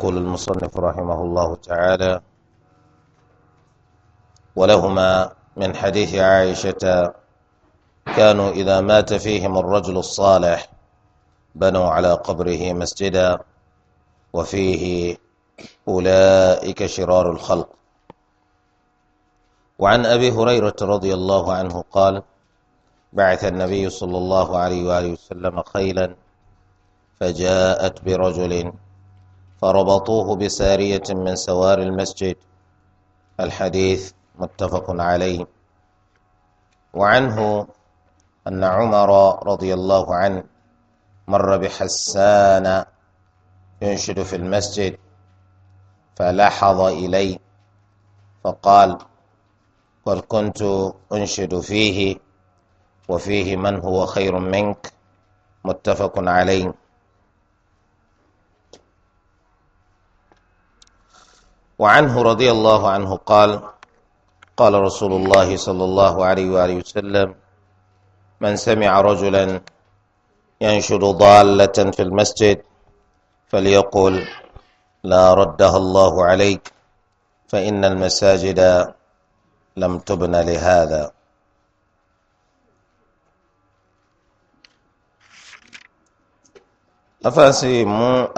يقول المصنف رحمه الله تعالى ولهما من حديث عائشة كانوا إذا مات فيهم الرجل الصالح بنوا على قبره مسجدا وفيه أولئك شرار الخلق وعن أبي هريرة رضي الله عنه قال بعث النبي صلى الله عليه وآله وسلم خيلا فجاءت برجل فربطوه بسارية من سوار المسجد الحديث متفق عليه وعنه أن عمر رضي الله عنه مر بحسان ينشد في المسجد فلاحظ إليه فقال قل كنت أنشد فيه وفيه من هو خير منك متفق عليه وعنه رضي الله عنه قال قال رسول الله صلى الله عليه وآله وسلم من سمع رجلا ينشد ضالة في المسجد فليقل لا ردها الله عليك فإن المساجد لم تبن لهذا أفاسي mu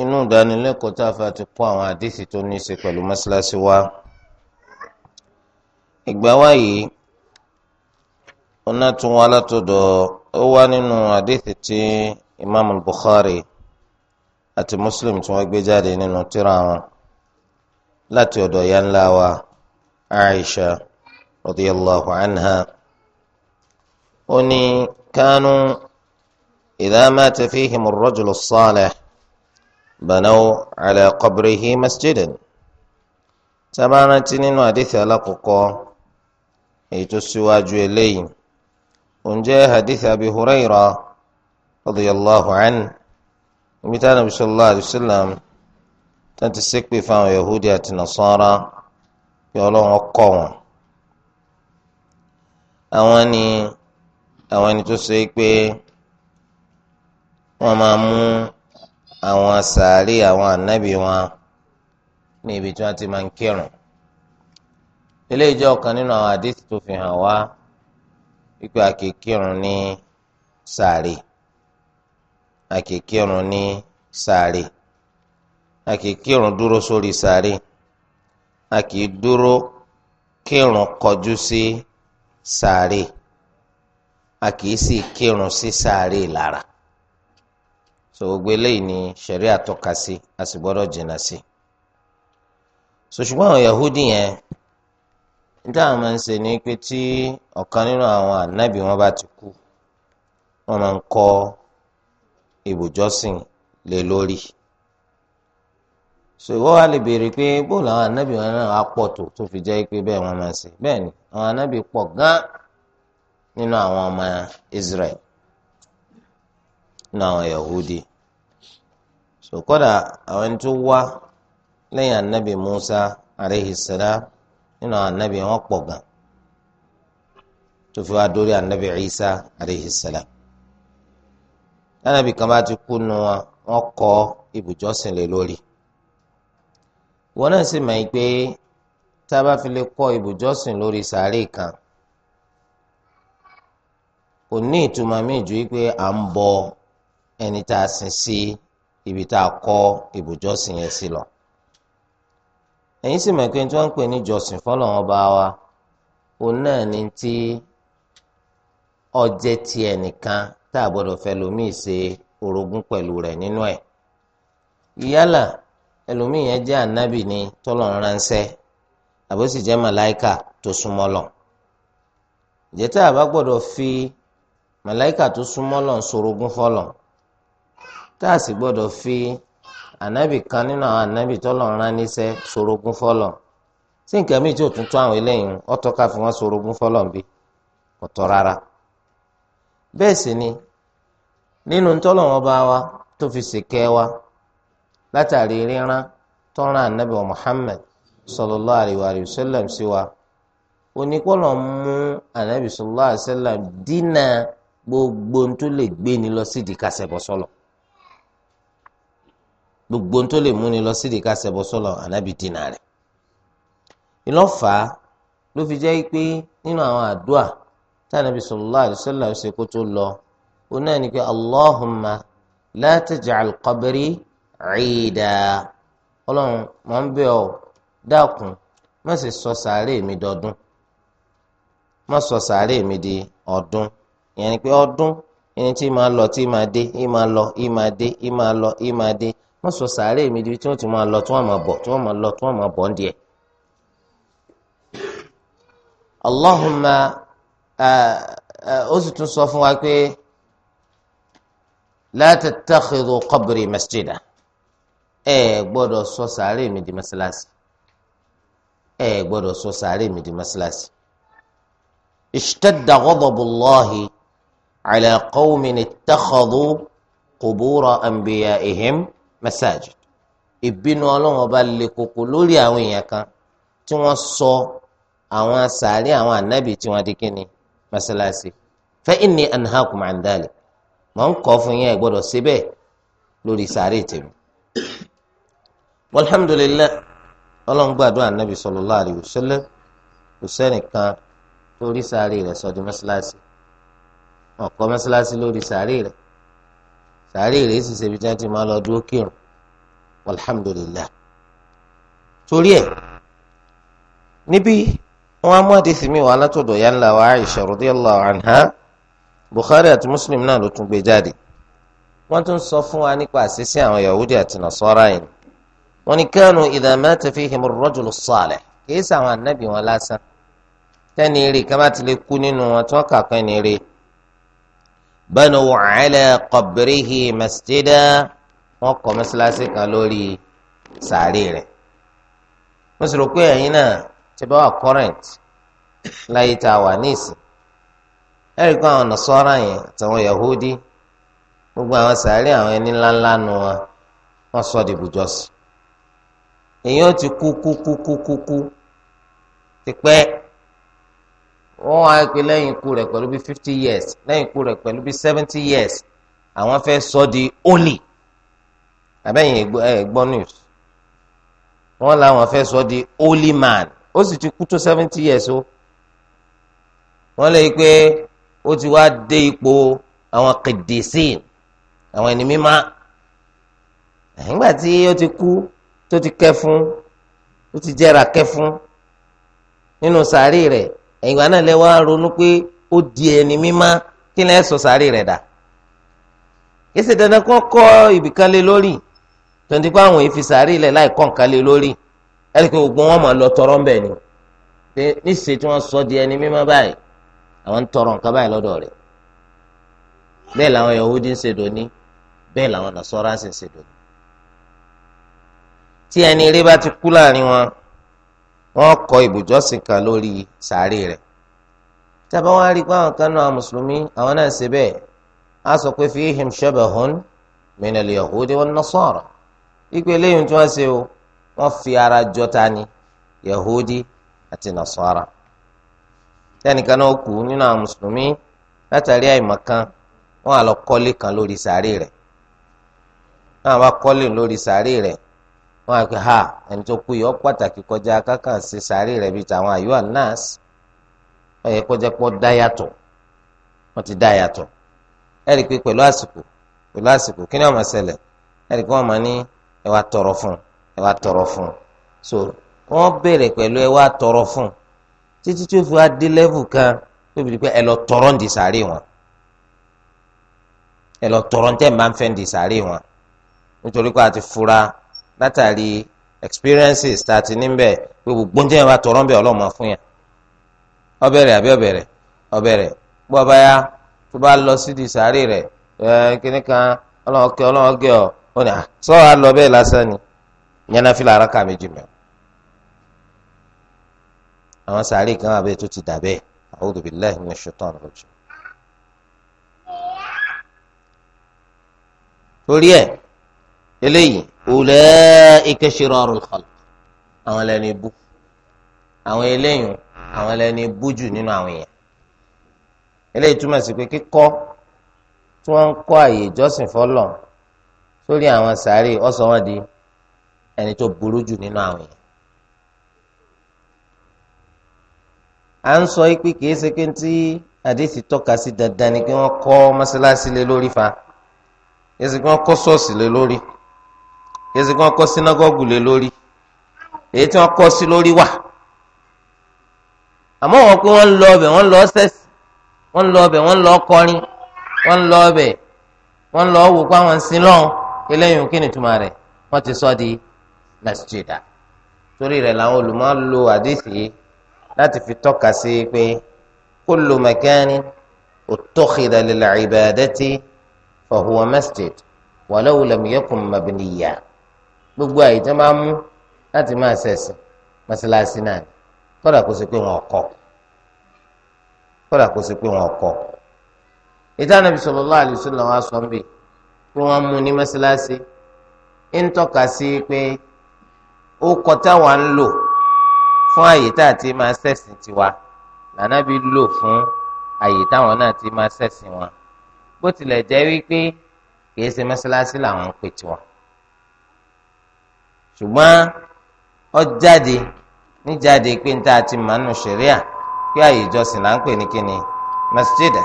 inú ìdánilẹ́kọ̀ọ́ tá a fa ti kó àwọn àdéhìí tó ní í ṣe pẹ̀lú mọ́ṣáláṣí wa ìgbà wa yìí ọ̀nà tún wa látọ̀dọ̀ ó wá nínú àdéhìí tí Imam Bukhari àti Muslim tí wọ́n gbé jáde nínú tírà wọn láti ọ̀dọ̀ ya ńlá wa Aisha radiyallahu anha ó ní kánú idha mata fihim ar-rajulu as banaw ala qabrihi masjidan tabaranti nínú hadithi alakoko èyí tó síwájú eléyìí ǹjẹ́ hadithi abi hurayra radiyallahu an ibi tá nàbi sallallahu alayhi wa sallam tó ti ṣépè fáwọn yahudi àti nasara kí ọlọ́run kọ́ wọn ni àwọn ẹni tó ṣe pé wọ́n máa mú àwọn sàárè àwọn ànábì wọn ní ibi tí wọ́n ti máa ń kírun eléyìí jẹ́ ọ̀kan nínú àwọn àdìsí tó fi hàn wá wípé àkèkírun ní sàárè àkèkírun ní sàárè àkèkírun dúró sórí sàárè àkè kírun kọjú sí sàárè àkè kírun sí sàárè lára so gbogbo eléyìí ni ṣẹ̀ríà tọ́ka sí a sì gbọ́dọ̀ jìnnà sí so ṣùgbọ́n àwọn Yahudi yẹn níta àwọn máa ń ṣe ni pé tí ọ̀kan nínú àwọn ànábì wọn bá ti kú wọn máa ń kọ́ ibùjọ́sìn lé lórí so ìwọ wa lè béèrè pé bóòlù àwọn ànábì wọn náà á pọ̀ tó tó fi jẹ́ pé bẹ́ẹ̀ wọ́n máa ń ṣe bẹ́ẹ̀ ni àwọn ànábì pọ̀ gan nínú àwọn ọmọ Israel nínú àwọn Yahudi sokoda kódà àwọn ẹni tó wá anabi musa aleyhi salam nínú anabi wọn pọ̀ gan tó fi wá dórí anabi isa aleyhi salam anabi kan bá ti kú nu wọn wọn kọ́ ibùjọ́sìn lé lórí wọn náà sì mọ̀ pé tá lori bá fi lè lórí sàárè kan kò ní ìtumọ̀ mi ju wípé à ń bọ ẹni tá a sin sí. Si ibi tá a kọ́ ibùjọ́sìn yẹn sí lọ. ẹ̀yin sì mọ̀ pé tí wọ́n ń pè ní jọ̀sìn fọ́lọ́run bá wa òun náà ni tí ọjẹ́ ti ẹnìkan tá a gbọ́dọ̀ fẹ́ lòmíì ṣe orogún pẹ̀lú rẹ̀ nínú ẹ̀. ìyálà ẹlòmíì yẹn jẹ́ ànábì ni tọ́lọ́run ránṣẹ́ àbó sì jẹ́ màláìkà tó súnmọ́ lọ. ìjẹ́ tá a bá gbọ́dọ̀ fi màláìkà tó súnmọ́ lọ ń sorogún tá gbọdọ fi ànábì kan nínú àwọn ànábì tọ́lọ̀ rán níṣẹ́ sorogún fọlọ̀ sí nǹkan míì tí ò tó àwọn eléyìí fi wọn bí rárá ni nínú wọn bá wa tó fi ṣèkẹ́ wa látàrí ríran tọ́ran ànábì wa Muhammad sallallahu alaihi wa alihi sí wa gbogbo tó lè gbé ni lọ sídìí gbogbo tó lè ni lọ sídìí ká ṣẹbọ sọlọ ànábì dínà lo ìlọfà ló fi jẹ́ pé nínú àwọn àdúà tí ànábì sallallahu alaihi kó tó lọ òun náà ni pé allahumma la taj'al qabri 'ida ọlọ́run ń bẹ̀ ọ́ dákun má sì sọ sàárè mi dọdún má sọ sàárè mi di ọdún ìyẹn ni pé ọdún ẹni tí máa lọ tí máa dé wọ́n sọ sàárè mi di tí wọ́n ti máa lọ tí wọ́n máa bọ̀ tí wọ́n máa lọ tí wọ́n máa bọ̀ ń díẹ̀. Allahumma ó sì tún sọ fún wa pé láti tattakhidhu kọbìrì masjida ẹ gbọ́dọ̀ sọ sàárè mi di mọ́sálásì ẹ gbọ́dọ̀ sọ sàárè mi di mọ́sálásì. ishtadda ghadabullahi ala qawmin ittakhadhu qubura anbiya'ihim. masajid ìbínú ọlọ́run ọba le koko lórí àwọn èèyàn kan tí wọ́n sọ àwọn sàárẹ̀ àwọn ànábì tí wọ́n di kíni masalasi fa inni anhaakum an dhalik mọ̀ ń kọ́ fún yẹn gbọ́dọ̀ síbẹ̀ lórí sàárẹ̀ tèmi. walhamdulillah ọlọ́run gbàdúrà ànábì sallallahu alaihi wasallam kò sẹ́nìkan tó rí sàárẹ̀ rẹ̀ sọ di masalasi ọ̀kọ́ lórí sàárẹ̀ rẹ̀ sàárè rẹ̀ sì ṣebi tí wọ́n ti máa lọ dúró kírun alhamdulillah torí ẹ̀ níbí wọn á mú àdìsí mi wà látọ̀dọ̀ ya ńlá wa Aisha radiyallahu anha Bukhari àti Muslim náà ló tún gbé jáde wọ́n tún sọ fún wa nípa àṣìṣe àwọn Yahudi àti Nasara yìí wọ́n ní kánú idha mata fihim ar-rajulu salih kìí sàwọn ànábì wọn lásán tẹ́ni rí kú nínú wọn tí wọ́n kà pẹ́ ni banu ala qabrihi masjida wọn kọ́ mọ́sálásí kan lórí sàárè rẹ̀ mo sì rò pé ẹ̀yin náà ti bá wà current láyé tá a wà níìsín ẹ̀rí kó àwọn nasọ́ra yẹn àtàwọn yahudi gbogbo àwọn sàárè àwọn ẹni ńláńlá nu wọn wọn sọ di ibùjọsìn èyí ó ti kú kú kú kú kú ti pẹ́ wọ́n wá pé lẹ́yìn ikú rẹ̀ pẹ̀lú bí fifty years lẹ́yìn ikú rẹ̀ pẹ̀lú bí seventy years àwọn fẹ́ sọ di only abẹ́yìn ẹ̀gbọ́n news wọ́n làwọn fẹ́ sọ di holy man ó sì ti kú tó seventy years o wọ́n lè pé ó ti wá dé ipò àwọn kìdìsìn àwọn ẹni mímá nígbà tí ó ti kú tó ti kẹfún ó ti jẹrà kẹfún nínú sàárì rẹ̀ ìgbà náà lẹ wá ronú pé ó di ẹni mímọ́ kí lẹ sọ sáré rẹ̀ dà èsì dandan kọ́ kọ́ ibìkan lé lórí tonti pé àwọn èèfì sáré ilẹ̀ láì kọ́ nǹkan lé lórí ẹni pé wọn máa lọ tọrọ ń bẹ̀ ni pé níṣẹ́ tí wọ́n sọ di ẹni mímọ́ báyìí àwọn ń tọrọ nǹkan báyìí lọ́dọ̀ rẹ̀ bẹ́ẹ̀ làwọn Yahudi ń ṣe dòní bẹ́ẹ̀ làwọn Nasara ń ṣe dòní tí ẹni eré bá ti kú láàrin wọn wọ́n kọ́ ibùjọ́sìn kan lórí sàárè rẹ̀ tábà wọn rí i pé àwọn kan náà mùsùlùmí àwọn náà ṣe bẹ́ẹ̀ á sọ pé fihim shabahun minal yahudi wan nasara ipe lẹ́yìn tí wọ́n ṣe o wọ́n fi ara jọ ta ni yahudi àti nasara tẹnìkan náà kú nínú àwọn mùsùlùmí látàrí àìmọ̀kan wọ́n á lọ kan lórí sàárè rẹ̀ náà wọ́n á lórí sàárè rẹ̀ wọn á pè ha ẹni tó kú yìí ọ pàtàkì kọjá kákà sí sàárì rẹ̀ bíi tàwọn àyọ nurse ọ yẹ kọjá pọ dáyàtọ̀ wọn ti dáyàtọ̀ ẹ rí i pé pẹ̀lú àsìkò pẹ̀lú àsìkò kí ni wọn máa ṣẹlẹ̀ ẹ pé wọn máa ní ẹ wá tọrọ fún ẹ wá tọrọ fún so wọn béèrè pẹ̀lú ẹ wá tọrọ fún títí tó fi wá dé level kan tóbi pé ẹ lọ tọrọ ń di sàárì wọn ẹ lọ tọrọ ń tẹ máa ń fẹ́ ń di sàárì wọn nítorí pé a ti fura látàrí experiences tààtì a pé gbogbo oúnjẹ yẹn tọrọ bẹ́ẹ̀ ọlọ́mọ fún yẹn ọbẹ̀rẹ̀ àbí ọbẹ̀rẹ̀ ọbẹ̀rẹ̀ tó bá lọ rẹ̀ kíní kan kẹ gẹ ní à sọ wa bẹ́ẹ̀ lásán ni fi làárọ̀ ká àwọn sàárè kan ulaika shirarul khalq àwọn lẹni bú àwọn eléyìn àwọn lẹni bú jù nínú àwọn èèyàn eléyìí túmọ̀ sí pé kíkọ́ tí wọ́n ń kọ́ àyè ìjọsìn fọ́lọ̀ sórí àwọn sàárè ọ̀sán wọn di ẹni tó burú jù nínú àwọn èèyàn. à ń sọ pé kìí ṣe pé tí àdéhìí tọ́ka sí dandan ni pé wọ́n kọ́ mọ́sálásí lé lórí fa kìí ṣe pé wọ́n kọ́ ṣọ́ọ̀ṣì lé lórí fa yẹsẹ kí wọn kọ́ sinagogu lé lórí èyí tí wọn kọ́ sí lórí wà àmọ́ wọn pé wọn lọ ọbẹ wọn lọ sẹsì wọn lọ ọbẹ wọn lọ kọrin wọn lọ ọbẹ wọn lọ wò pé àwọn sin lọ eléyìí kí ni túmọ̀ rẹ̀ wọn ti sọ di masjida torí rẹ̀ làwọn olùmọ̀ lo àdìsí láti fi tọ́ka sí pé kullu makani uttakhidha lil ibadati fahuwa masjid walau lam yakun gbogbo àyè tó máa mú láti máa ṣẹ̀sìn mọ́ṣáláṣí náà kódà kó ṣe pé wọn kọ̀ kódà kó ṣe pé wọn kọ̀ ìtàn Ànábì sallallahu alaihi wasallam wọn aṣọ ń bì pé wọ́n mú ní mọ́ṣáláṣí ń tọ́ka sí pé ó kọ táwa ń lò fún àyè tá a ti máa ṣẹ̀sìn tiwa lànàbí lò fún àyè táwọn náà ti máa ṣẹ̀sìn wọn bó tilẹ̀ jẹ́ wípé kì í ṣe mọ́ṣáláṣí làwọn ń pè tiwọn ṣùgbọ́n ọ jáde níjáde pé níta ti mànú ṣẹ̀ríà pé àyè ìjọsìn là ń pè ní kíni masjida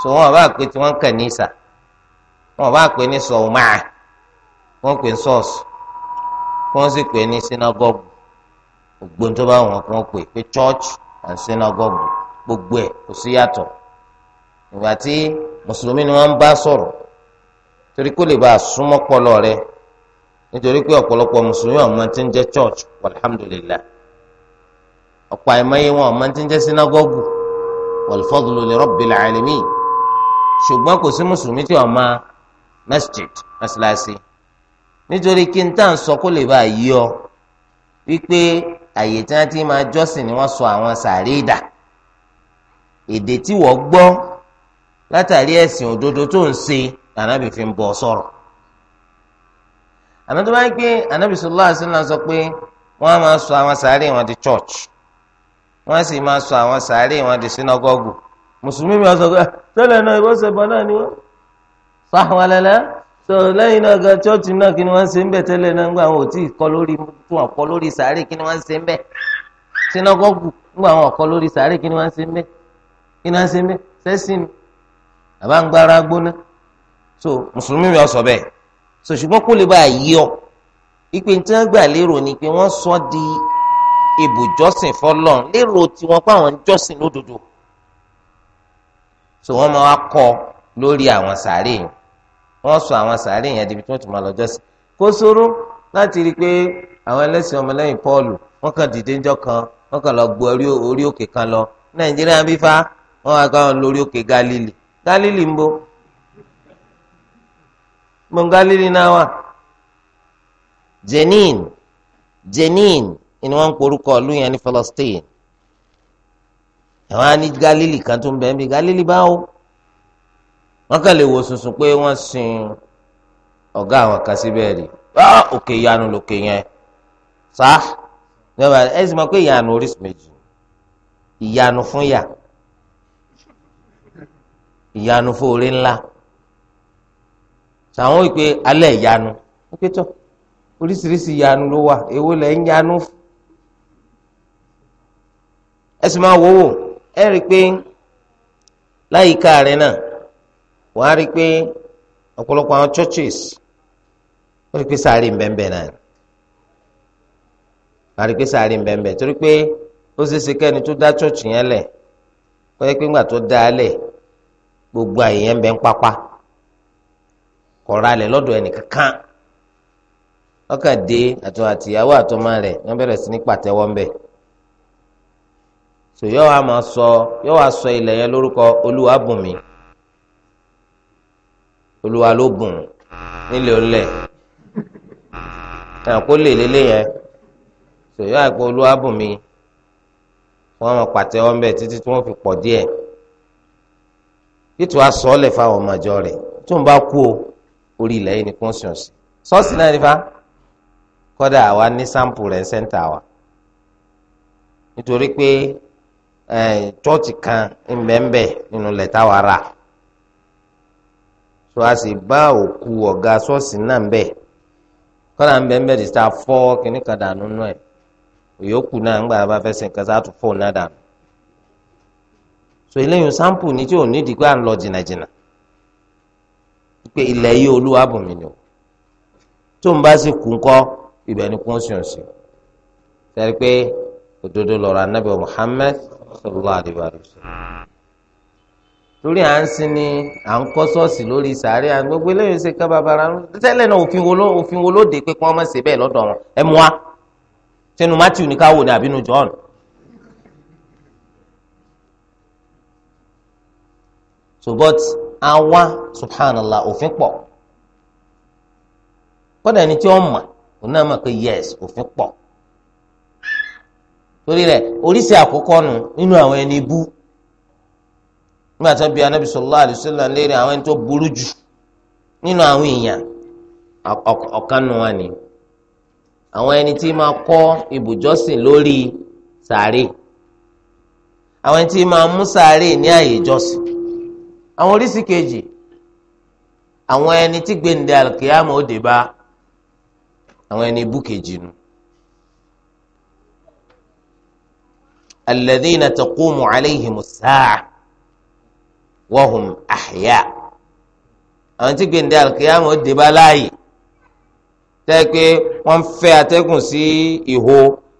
so wọn bá pè tí wọn kàn ní ìsà wọn bá pè ní sọ̀ọ́máà wọn pè ní sọ́ọ̀sì wọn sì pè ní sinagogu gbogbo tó bá wọn kàn pè pé church and sinagogu gbogbo ẹ̀ kò sí yàtọ̀ ìgbà tí mùsùlùmí ni wọ́n ń bá sọ̀rọ̀ torí kó lè bá a súnmọ́ pọlọ rẹ̀ nítorí pé ọ̀pọ̀lọpọ̀ mùsùlùmí ọ̀mọ tí ń jẹ́ church alhamdulillah ọ̀pọ̀ àìmọye wọn ọ̀mọ tí ń jẹ́ sinagogu wal-fadlu li rabbil alamin ṣùgbọ́n kò sí mùsùlùmí tí ọ̀mọ masjid masilasi nítorí kí n tàn sọ kó lè bá yí ọ wípé àyè tí wọ́n ti máa jọ́sìn ni wọ́n sọ àwọn sàrídà èdè tí wọ́n gbọ́ látàrí ẹ̀sìn òdodo tó ń ṣe lànà bí fi ń bọ̀ sọ̀rọ̀ àmọ́ tó bá yẹ pé anabi sallallahu alaihi wasallam sọ pé wọ́n á máa sọ àwọn sàárè wọn di church wọ́n á sì máa sọ àwọn sàárè wọn di sinagogu mùsùlùmí mi sọ pé ah, tẹ́lẹ̀ náà ìwọ ṣẹ̀bọ náà ni wọ́n fa àwọn alẹ́lẹ́ sọ lẹ́yìn náà gan church náà kí ni wọ́n ṣe ń bẹ̀ tẹ́lẹ̀ náà ńgbà àwọn òtí kọ́ lórí fún ọ̀kọ́ lórí sàárè kí ni wọ́n ṣe ń bẹ̀ sinagogu ńgbà àwọn ọ̀kọ́ lórí sàárè kí ni wọ́n ṣe ń bẹ̀ kí so mùsùlùmí mi sọ so ṣùgbọ́n kó lè bá yí ọ ìpè tí wọ́n gbà lérò ni pé wọ́n sọ di ibùjọ́sìn fọlọ́n lérò tiwọn pé àwọn ń jọ́sìn lódodo so wọ́n máa kọ lórí àwọn sàárè yẹn wọ́n sọ àwọn sàárè yẹn débi tí wọ́n ti máa lọ jọ́sìn kó sóró láti rí i pé àwọn ẹlẹ́sìn ọmọlẹ́yìn Pọ́ọ̀lù wọ́n kàn dìde ńjọ́ kan wọ́n kàn lọ gbọ́ orí òkè kan lọ Nàìjíríà bí fa wọ́n wá kàn lórí òkè Galili Galili ń bọ̀ gbọ̀ngàlélì náà wà Jenin Jenin ni wọ́n ń porúkọ ìlú yẹn ní Palestine àwọn á ní Galili kan tó ń bẹ níbi Galili báwo wọ́n kàn lè wo sunsun pé wọ́n sin ọ̀gá àwọn kan síbẹ̀ rí òkè ìyanu lòkè yẹn sá ìjọba ẹ sì mọ pé ìyanu orísun méjì ìyanu fún yà ìyanu fún orí ńlá àwọn wípé alẹ́ ìyanu wípé tọ́ oríṣiríṣi ìyanu ló wà èwo lẹ̀ ń yanu ẹ sì máa wòwò ẹ rí i pé láyìíká rẹ náà wàá rí i pé ọ̀pọ̀lọpọ̀ àwọn churches ó rí i pé sáré ńbẹ́ńbẹ́ náà wàá rí i pé sáré ńbẹ́ńbẹ́ torí pé ó ṣeé ṣe kẹ́ni tó dá church yẹn lẹ̀ kọ́ pé ńgbà tó dá a lẹ̀ gbogbo àyè yẹn ń bẹ ń pápá. kọ̀ọ̀ra lẹ lọ́dọ̀ ẹnì kankan ọkà dé àtọ àtìyàwó àtọmọ rẹ̀ wọ́n bẹ̀rẹ̀ sí ní yọ sọ yọ wa sọ ilẹ̀ yẹn lórúkọ olúwa bùn mi olúwa ló bùn nílẹ̀ olẹ̀ ẹ̀kọ́ lè lélẹ̀ yẹn so yọ àìpọ̀ olúwa bùn mi títí tí fi tó a sọ ọ fáwọn ọmọ o. orí ilẹ̀ yìí ni kò sùn sí ṣọ́ọ̀ṣì náà nípa kọ́dà àwa ní sáǹpù rẹ̀ sẹ́ńtà wa nítorí pé chọ́ọ̀chì kan ńbẹ́ńbẹ́ nínú ilẹ̀ táwa rà tó a sì bá òkú ọ̀gá ṣọ́ọ̀ṣì náà ń bẹ̀ kọ́dà ńbẹ́ńbẹ́ ti ta fọ́ kínní kan dànù nù ẹ̀ òyòkù náà ńgbà bá fẹ́ sìn kan sáà tún náà dànù so eléyìí sáǹpù ni tí ò ní ìdí pé à pé ilẹ̀ yìí olúwa bùnmi ni o tó ń bá sì kú ńkọ́ ibẹ̀ ni kò ń sùn sí pé òdodo lọ́rọ̀ anábì Muhammad sallallahu alaihi wa sallam lórí à ń sin ni à ń kọ́ sọ́ọ̀sì lórí sàárẹ̀ à ń gbogbo eléyìí ṣe ká bàbá rán tẹ́lẹ̀ náà òfin wo ló òfin wo ló dé pé kí wọ́n má ṣe bẹ́ẹ̀ lọ́dọ̀ wọn ẹ mú wa sínú Matthew ní káwọ́ ni àbínú John. so Awa, subhanallah òfin pọ̀ kódà ẹni tí ó mọ̀ òun náà mọ̀ pé yes òfin pọ̀ torí rẹ̀ oríṣi àkọ́kọ́ nu nínú àwọn ẹni bú nígbà tí wọ́n bi anabi sallallahu alaihi wasallam léèrè àwọn ẹni tó burú jù nínú àwọn èèyàn ọ̀kan nu wọn ni àwọn ẹni tí máa kọ́ ibùjọ́sìn lórí sàárè àwọn ẹni tí máa mú sàárè ní àyè ìjọsìn àwọn oríṣi kejì àwọn ẹni tí gbẹ̀ǹdẹ̀ alkiyama ó dé bá àwọn ẹni ibú kejì nu. alladhina taqumu alayhimu sáà wahum ahya àwọn tí gbẹ̀ǹdẹ̀ alkiyama ó dé bá láàyè tẹ́ wọ́n fẹ́ atẹ́gùn sí ìhó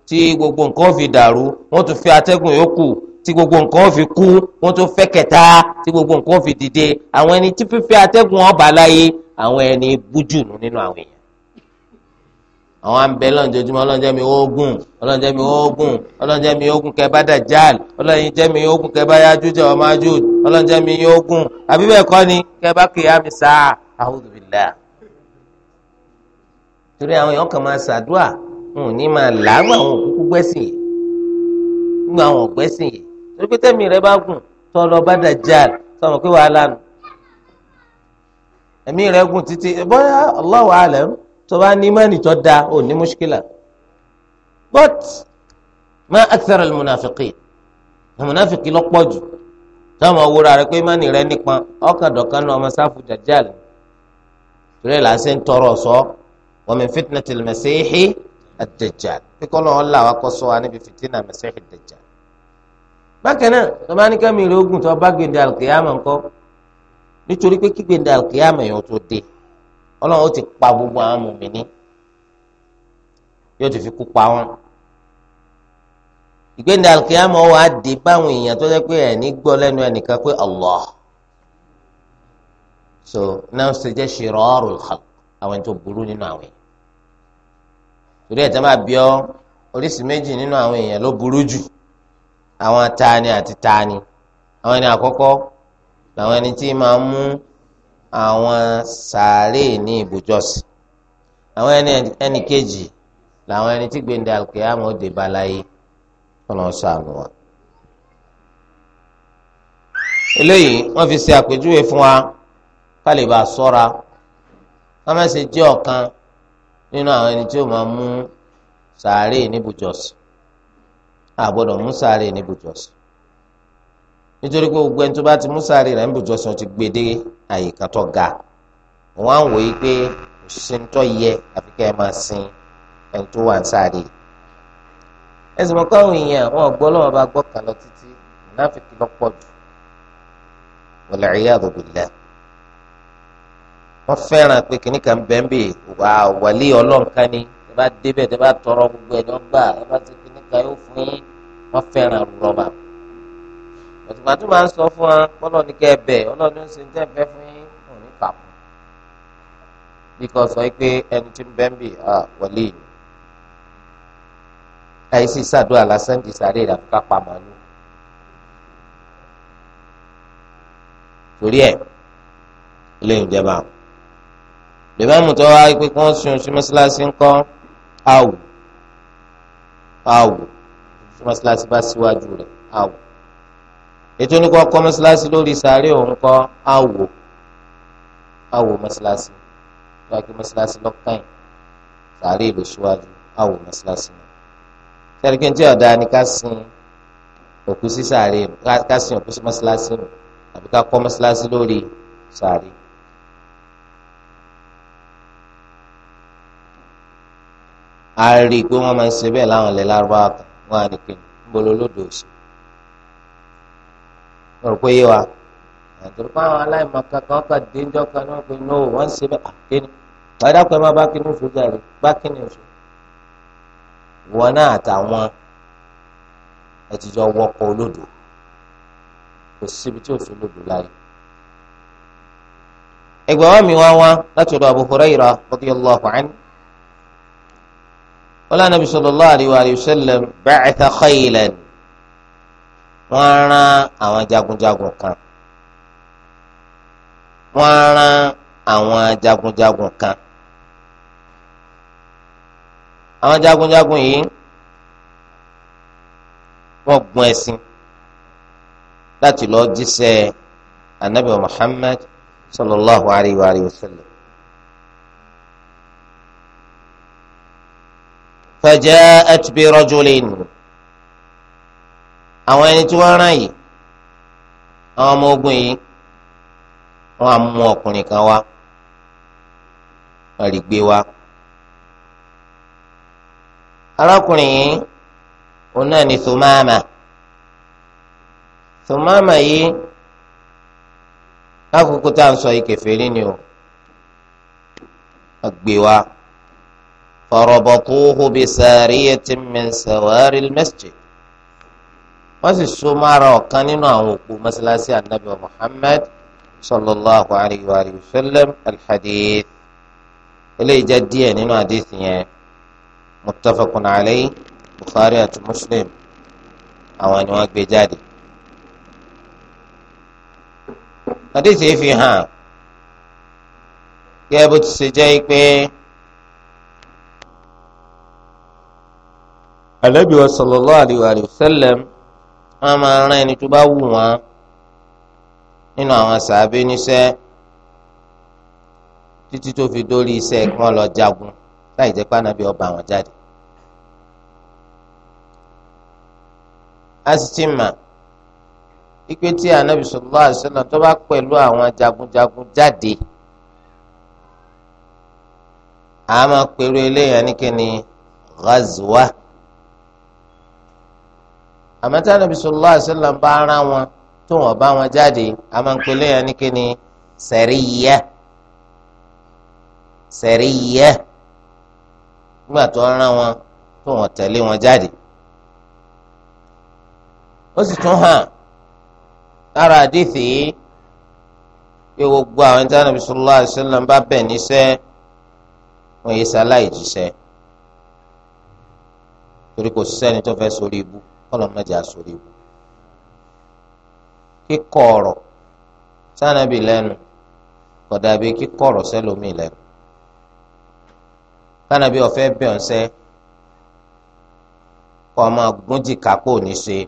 tí gbogbo nǹkan fi dàrú wọ́n tún fẹ́ atẹ́gùn yòókù tí gbogbo nǹkan ó fi kú wọ́n tó fẹ́ kẹta tí gbogbo nǹkan ó fi dìde àwọn ẹni tí fífẹ́ atẹ́gùn ọba láyé àwọn ẹni bújù nínú àwọn èèyàn àwọn àǹbẹ̀ lọ́njọ́júmọ́ ọlọ́njẹ́mi ogun ọlọ́njẹ́mi ogun ọlọ́njẹ́mi ogun kẹba dajal ọlọ́njẹ́mi ogun kẹba yájújà ọmọ ajúd ọlọ́njẹ́mi ogun àbíbẹ̀kọ́ ni kẹba kìyàmì sáà a'udhu billah. torí àwọn èèyàn kan máa ṣàdúà wọn ò ní máa làágbà àwọn òkúkú gbẹ́sìn yìí torí pé tẹ́mi rẹ bá gùn tó lọ bá dajjal sọmọ pé wàhálà nù ẹ̀mí rẹ gùn títí bóyá Allahu alam tó bá ní mẹ́rin tó da ò ní mushkila but ma akthar al-munafiqin al-munafiqin ló pọ̀ jù táwọn awúra rẹ pé mẹ́rin rẹ nípọn ọkàn dọ̀kan náà ọmọ sáfù dajjal torí ẹ̀ làásẹ̀ ń tọrọ sọ wa min fitnatil masihi ad-dajjal kíkọ́ lọ́wọ́ là wá kọ́ sọ wa níbi fìtínà masihi ad bákan náà tọ́ba ní kẹ́mi rẹ̀ ogun tó bá gbèndé alùkìyàmọ̀ ńkọ́ nítorí pé kí gbèndé alùkìyàmọ̀ yẹn tó dé ọlọ́run ó ti pa gbogbo àwọn mùmíní yóò ti fi kú pa wọn ìgbéǹde alkiyama wa di báwọn èèyàn tó jẹ́ pé ẹni gbọ́ lẹ́nu ẹnìkan pé allah so náà ṣe jẹ́ shirarul khalq àwọn tó burú nínú àwọn èèyàn torí ẹ̀ tẹ́ máa bí ọ oríṣi méjì nínú àwọn èèyàn ló burú jù àwọn taani àti taani àwọn ẹni àkọ́kọ́ làwọn ẹni tí máa ń mú àwọn sàárè ní ibùjọ́sìn àwọn ẹni ẹni kejì làwọn ẹni tí gbẹ̀ndẹ̀ alùkìyàmọ̀ òde balaye kọ́nà ṣàánú wa. eléyìí wọ́n fi ṣe àpèjúwe fún wa ká lè bá a sọ́ra ká jẹ́ ọ̀kan nínú àwọn ẹni tí ó máa mú sàárè ní ibùjọ́sìn àgbọ́dọ̀ mú sáré ní ibùjọsìn nítorí pé gbogbo ẹni tó bá ti mú rẹ̀ ní ibùjọsìn ti gbé dé ga wọn á wòye pé òṣìṣẹ́ntọ́ yẹ àfi kẹ́ ẹ máa sin ẹni tó wà ń sáré ẹsìn mọ́kọ́ àwọn èèyàn wọn gbọ́ lọ́wọ́ bá gbọ́ kàn lọ títí ìnáfíkì lọ́pọ̀ jù wọlé ẹ̀yà àdòbìlẹ̀ wọ́n fẹ́ràn pé kìnnìkan bẹ́ẹ̀ bẹ́ẹ̀ wà wọlé ọlọ́ǹkan ni bá débẹ̀ ẹ bá tọrọ gbogbo ẹ̀ lọ́gbà ẹ bá ti d nǹkan yóò fún yín wọ́n fẹ́ràn rọ́bà òtùmá tó máa ń sọ fún wa pọ́lọ́ ní kẹ́ ẹ bẹ̀ ọlọ́run ń sin tẹ́ẹ̀fẹ́ fún yín fún ní kàkún bíkọ́ sọ pé ẹni tí ń bẹ́ ń bì wọlé yìí àìsí sàdúrà lásán di sàárè ìdàkúkà pamọ́ ní. torí ẹ̀ ilé ìjẹba lèmọ́mù tó wá pé kí wọ́n sun oṣù mọ́ṣáláṣí ńkọ́ awo. tí mọ́ṣáláṣí bá síwájú rẹ̀ àwò ètò oníkọ́ kọ́ mọ́ṣáláṣí lórí sàárè òun kọ́ àwò àwò mọ́ṣáláṣí tó a kí mọ́ṣáláṣí lọ́kàn sàárè ìlú síwájú àwò mọ́ṣáláṣí náà sẹ́ríkì tí ọ̀dà ni ká sin òkú sí sàárè ká sin òkú sí mọ́ṣáláṣí nù àbí ká kọ́ mọ́ṣáláṣí lórí sàárè. a rí i pé wọ́n máa ń ṣe bẹ́ẹ̀ láwọn ilẹ̀ lárúbáwá kan wọ́n á ní kí n bolo lódò sí mo rò pé yé wa àtúrò pé àwọn aláìmọ̀ kankan kan dé ńjọ́ kan ní wọ́n pe no wọ́n ń ṣe bẹ́ẹ̀ àkéni padà pé má bá kíni oṣù jàre bá kíni oṣù wọn náà àtàwọn ẹ ti olódò kò síbi tí oṣù olódò láyé ẹgbẹ́ wa mi wá wá láti ọ̀dọ̀ Abu Hurairah radiyallahu anhu wọ́n lánàá bí sallallahu alaihi wa sallam ba'atha khaylan wọ́n rán àwọn jagunjagun kan wọ́n rán àwọn jagunjagun kan àwọn jagunjagun yìí wọ́n gun ẹṣin láti lọ jíṣẹ́ anabi muhammad sallallahu alaihi wa sallam. faja'at bi rajulain àwọn ẹni tí wọ́n rán yìí àwọn ọmọ ogun yìí wọ́n á mú ọkùnrin kan wá wọ́n lè gbé wá arákùnrin yìí òun náà ni Sumama Sumama yìí lákòókò tá à ń sọ yìí kèfèrí ni o wọ́n gbé wá. فربطوه بسارية من سوار المسجد وزي السمارة وقننا وقو مسلسي النبي محمد صلى الله عليه وآله وسلم الحديث إلي جدي أن متفق عليه بخارية مسلم أو أن يواجب جادي فيها يا بوت سجايك àlẹ́bí wa sallallahu alayhi wa sallam wọ́n máa rán ẹni tó bá wù wọ́n nínú àwọn sàábé níṣẹ́ títí tó fi dórí iṣẹ́ kan lọ jagun láì jẹ́ pé ànábì ọba àwọn jáde. a sì ti mà ipe tí ànábì sallallahu alayhi tó bá pẹ̀lú àwọn jagunjagun jáde àá máa pèrò eléyàn ní kíni ghazwa àmọ́ tí anabi sallallahu alaihi wasallam bá ara wọn tó wọn bá wọn jáde a máa ń pèlè yẹn ní kíni sẹríyẹ sẹríyẹ nígbà tó ara wọn tó wọn tẹ̀lé wọn jáde ó sì tún hàn lára àdìsí yìí pé gbogbo àwọn tí anabi sallallahu alaihi bá bẹ̀ níṣẹ́ wọn yìí sáláì jíṣẹ́ torí kò sẹ́ni tó fẹ́ sórí ibú. So kọlọ mẹjọ sórí ibu kíkọ ọ̀rọ̀ sànàbì lẹ́nu kọdàbí kíkọ ọ̀rọ̀ sẹlómi lẹ́nu sànàbì ọfẹ bẹọnsẹ kọ ọmọ gúnjìká kò ní ṣe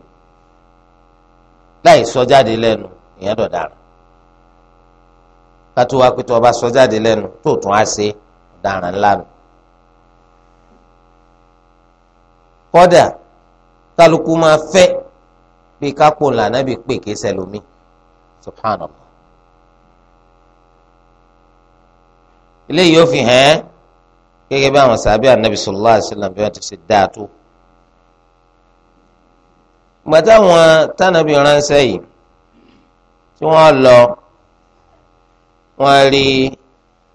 láì sọ jáde lẹ́nu ìyẹn dọ̀daràn kátó wá pé tó o tó tún á ṣe ọ̀daràn ńlá nù kódà kálukú máa fẹ́ bí kápò lànà bí pè kí sẹlómi subhanallah. eléyìí ó fi hàn án gẹ́gẹ́ bí àwọn sàbí ànábì sallallahu alaihi wasallam bí wọ́n ti ṣe dáa tó. ìgbà táwọn tánàbí ránṣẹ́ yìí tí wọ́n lọ wọ́n rí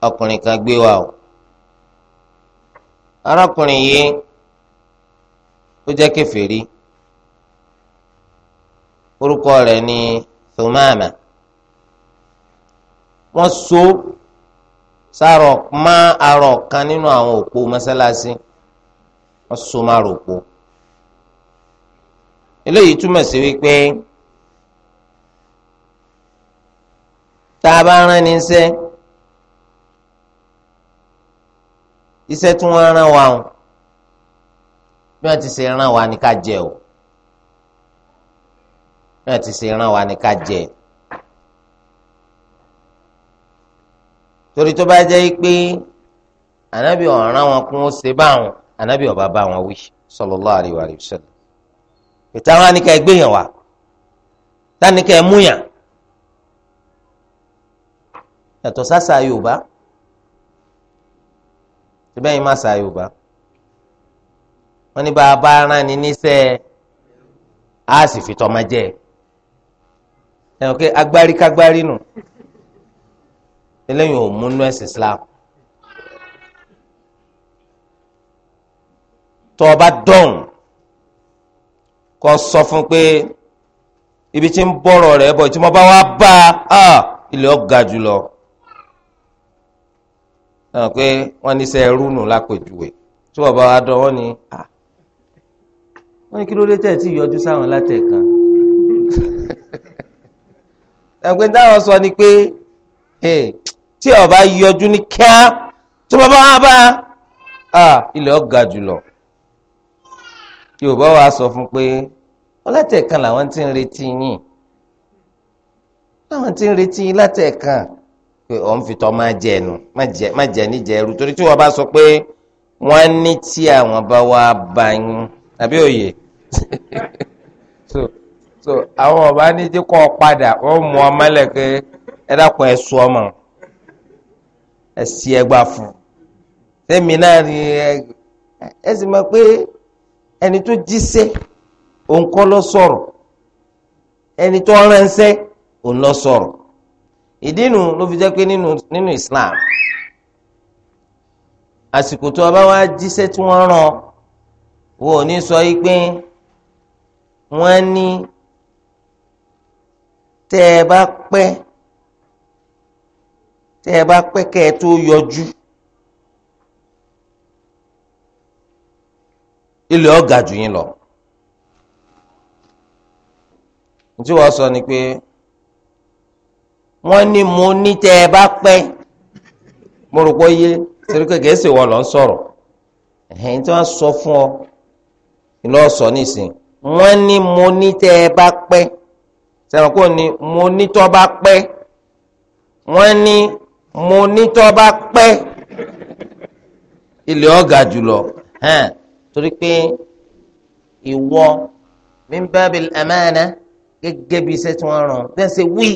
ọkùnrin kan gbé wa o. arákùnrin yìí ó jẹ́ kèfèrí orúkọ rẹ̀ ni thumama wọ́n so sárọ má arọ kan nínú àwọn òpó mọ́sálásí wọ́n so má rò pó eléyìí túmọ̀ sí wípé tá a bá rán ní iṣẹ́ iṣẹ́ tí wọ́n rán wa o bí wọ́n ti ṣe rán wa ni ká jẹ o náà ti ṣe ràn wá ní ká jẹ torí tó bá jẹ́ pé ànábì ọ̀ràn wọn kún ó ṣe báwọn ànábì ọba bá wọn wí sallallahu alaihi wa sallam ìtàwọn àníkà ẹgbẹ́yàn wá táníkà ẹmúyàn yàtọ̀ sásà yorùbá síbẹ̀ yìí má sà yorùbá wọ́n ní bá a bá rán ni níṣẹ́ a sì fi tọ́ ma jẹ́ ẹ ẹ̀rọ pé agbárí kágbárí nù eléyìí ò múnú ẹ̀sìn Islam tó o bá dọ̀n kó sọ fún pé ibi tí ń bọ̀rọ̀ rẹ̀ bọ̀ tí mo bá wá bá a ilé ọ̀gá jùlọ ẹ̀rọ pé wọ́n ní sẹ́ ẹrú nù lápèjúwe tí wọ́n bá wá dán wọ́n ní wọ́n ní kí ló dé tẹ̀ tí ìyọjú sáwọn látẹ̀ kan ẹgbẹ́ táwọn sọ ni pé tí ọba yọjú ní kíá tó bá bá wá bá ilẹ̀ ọ̀gá jùlọ yorùbá wa sọ fún pé ọlátẹ̀ẹ̀kan làwọn ti ń retí yín láwọn ti ń retí yín látẹ̀ẹ̀kan pé ọ̀n fi tọ́ máa jẹ ẹnu má jẹ níjẹ ẹrú torí tí wọ́n bá sọ pé wọ́n ní tí àwọn bá wá bá yín àbí òye so àwọn ọba ní tí kọ́ padà wọ́n mú ọmọ lẹ́kẹ́ ẹ dákun ẹ sọ ọmọ ẹ sì fún sẹ́mi náà ni ẹ sì mọ̀ pé ẹni tó jíṣẹ́ òun kọ́ lọ sọ̀rọ̀ ẹni tó ránṣẹ́ òun lọ sọ̀rọ̀ ìdí nu ló fi jẹ́ pé nínú nínú Islam àsìkò tó ọba wa jíṣẹ́ tí wọ́n rán wọ́n ò ní sọ yí pé wọ́n ní tẹ́ ẹ bá pẹ́ tẹ́ ẹ bá pẹ́ kẹ́ ẹ tó yọjú ilé ọ̀gá jù yín lọ. tí wọ́n sọ ni pé wọ́n ní mo ní tẹ́ ẹ bá pẹ́ mo rò pé yé torí pé gẹ̀ẹ́sì wọ́n lọ ń sọ̀rọ̀ ẹ̀hìn tí wọ́n sọ fún ọ ìlú nìsín wọ́n ní mo ní tẹ́ ẹ bá sẹ́wọ̀n kò ní mo ní tó bá pẹ́ wọ́n ní mo ní tó bá pẹ́ ilé ọ̀gá jùlọ torí pé ìwọ min babil amana gẹ́gẹ́ bí iṣẹ́ tí wọ́n rán bẹ́ẹ̀ ṣe wí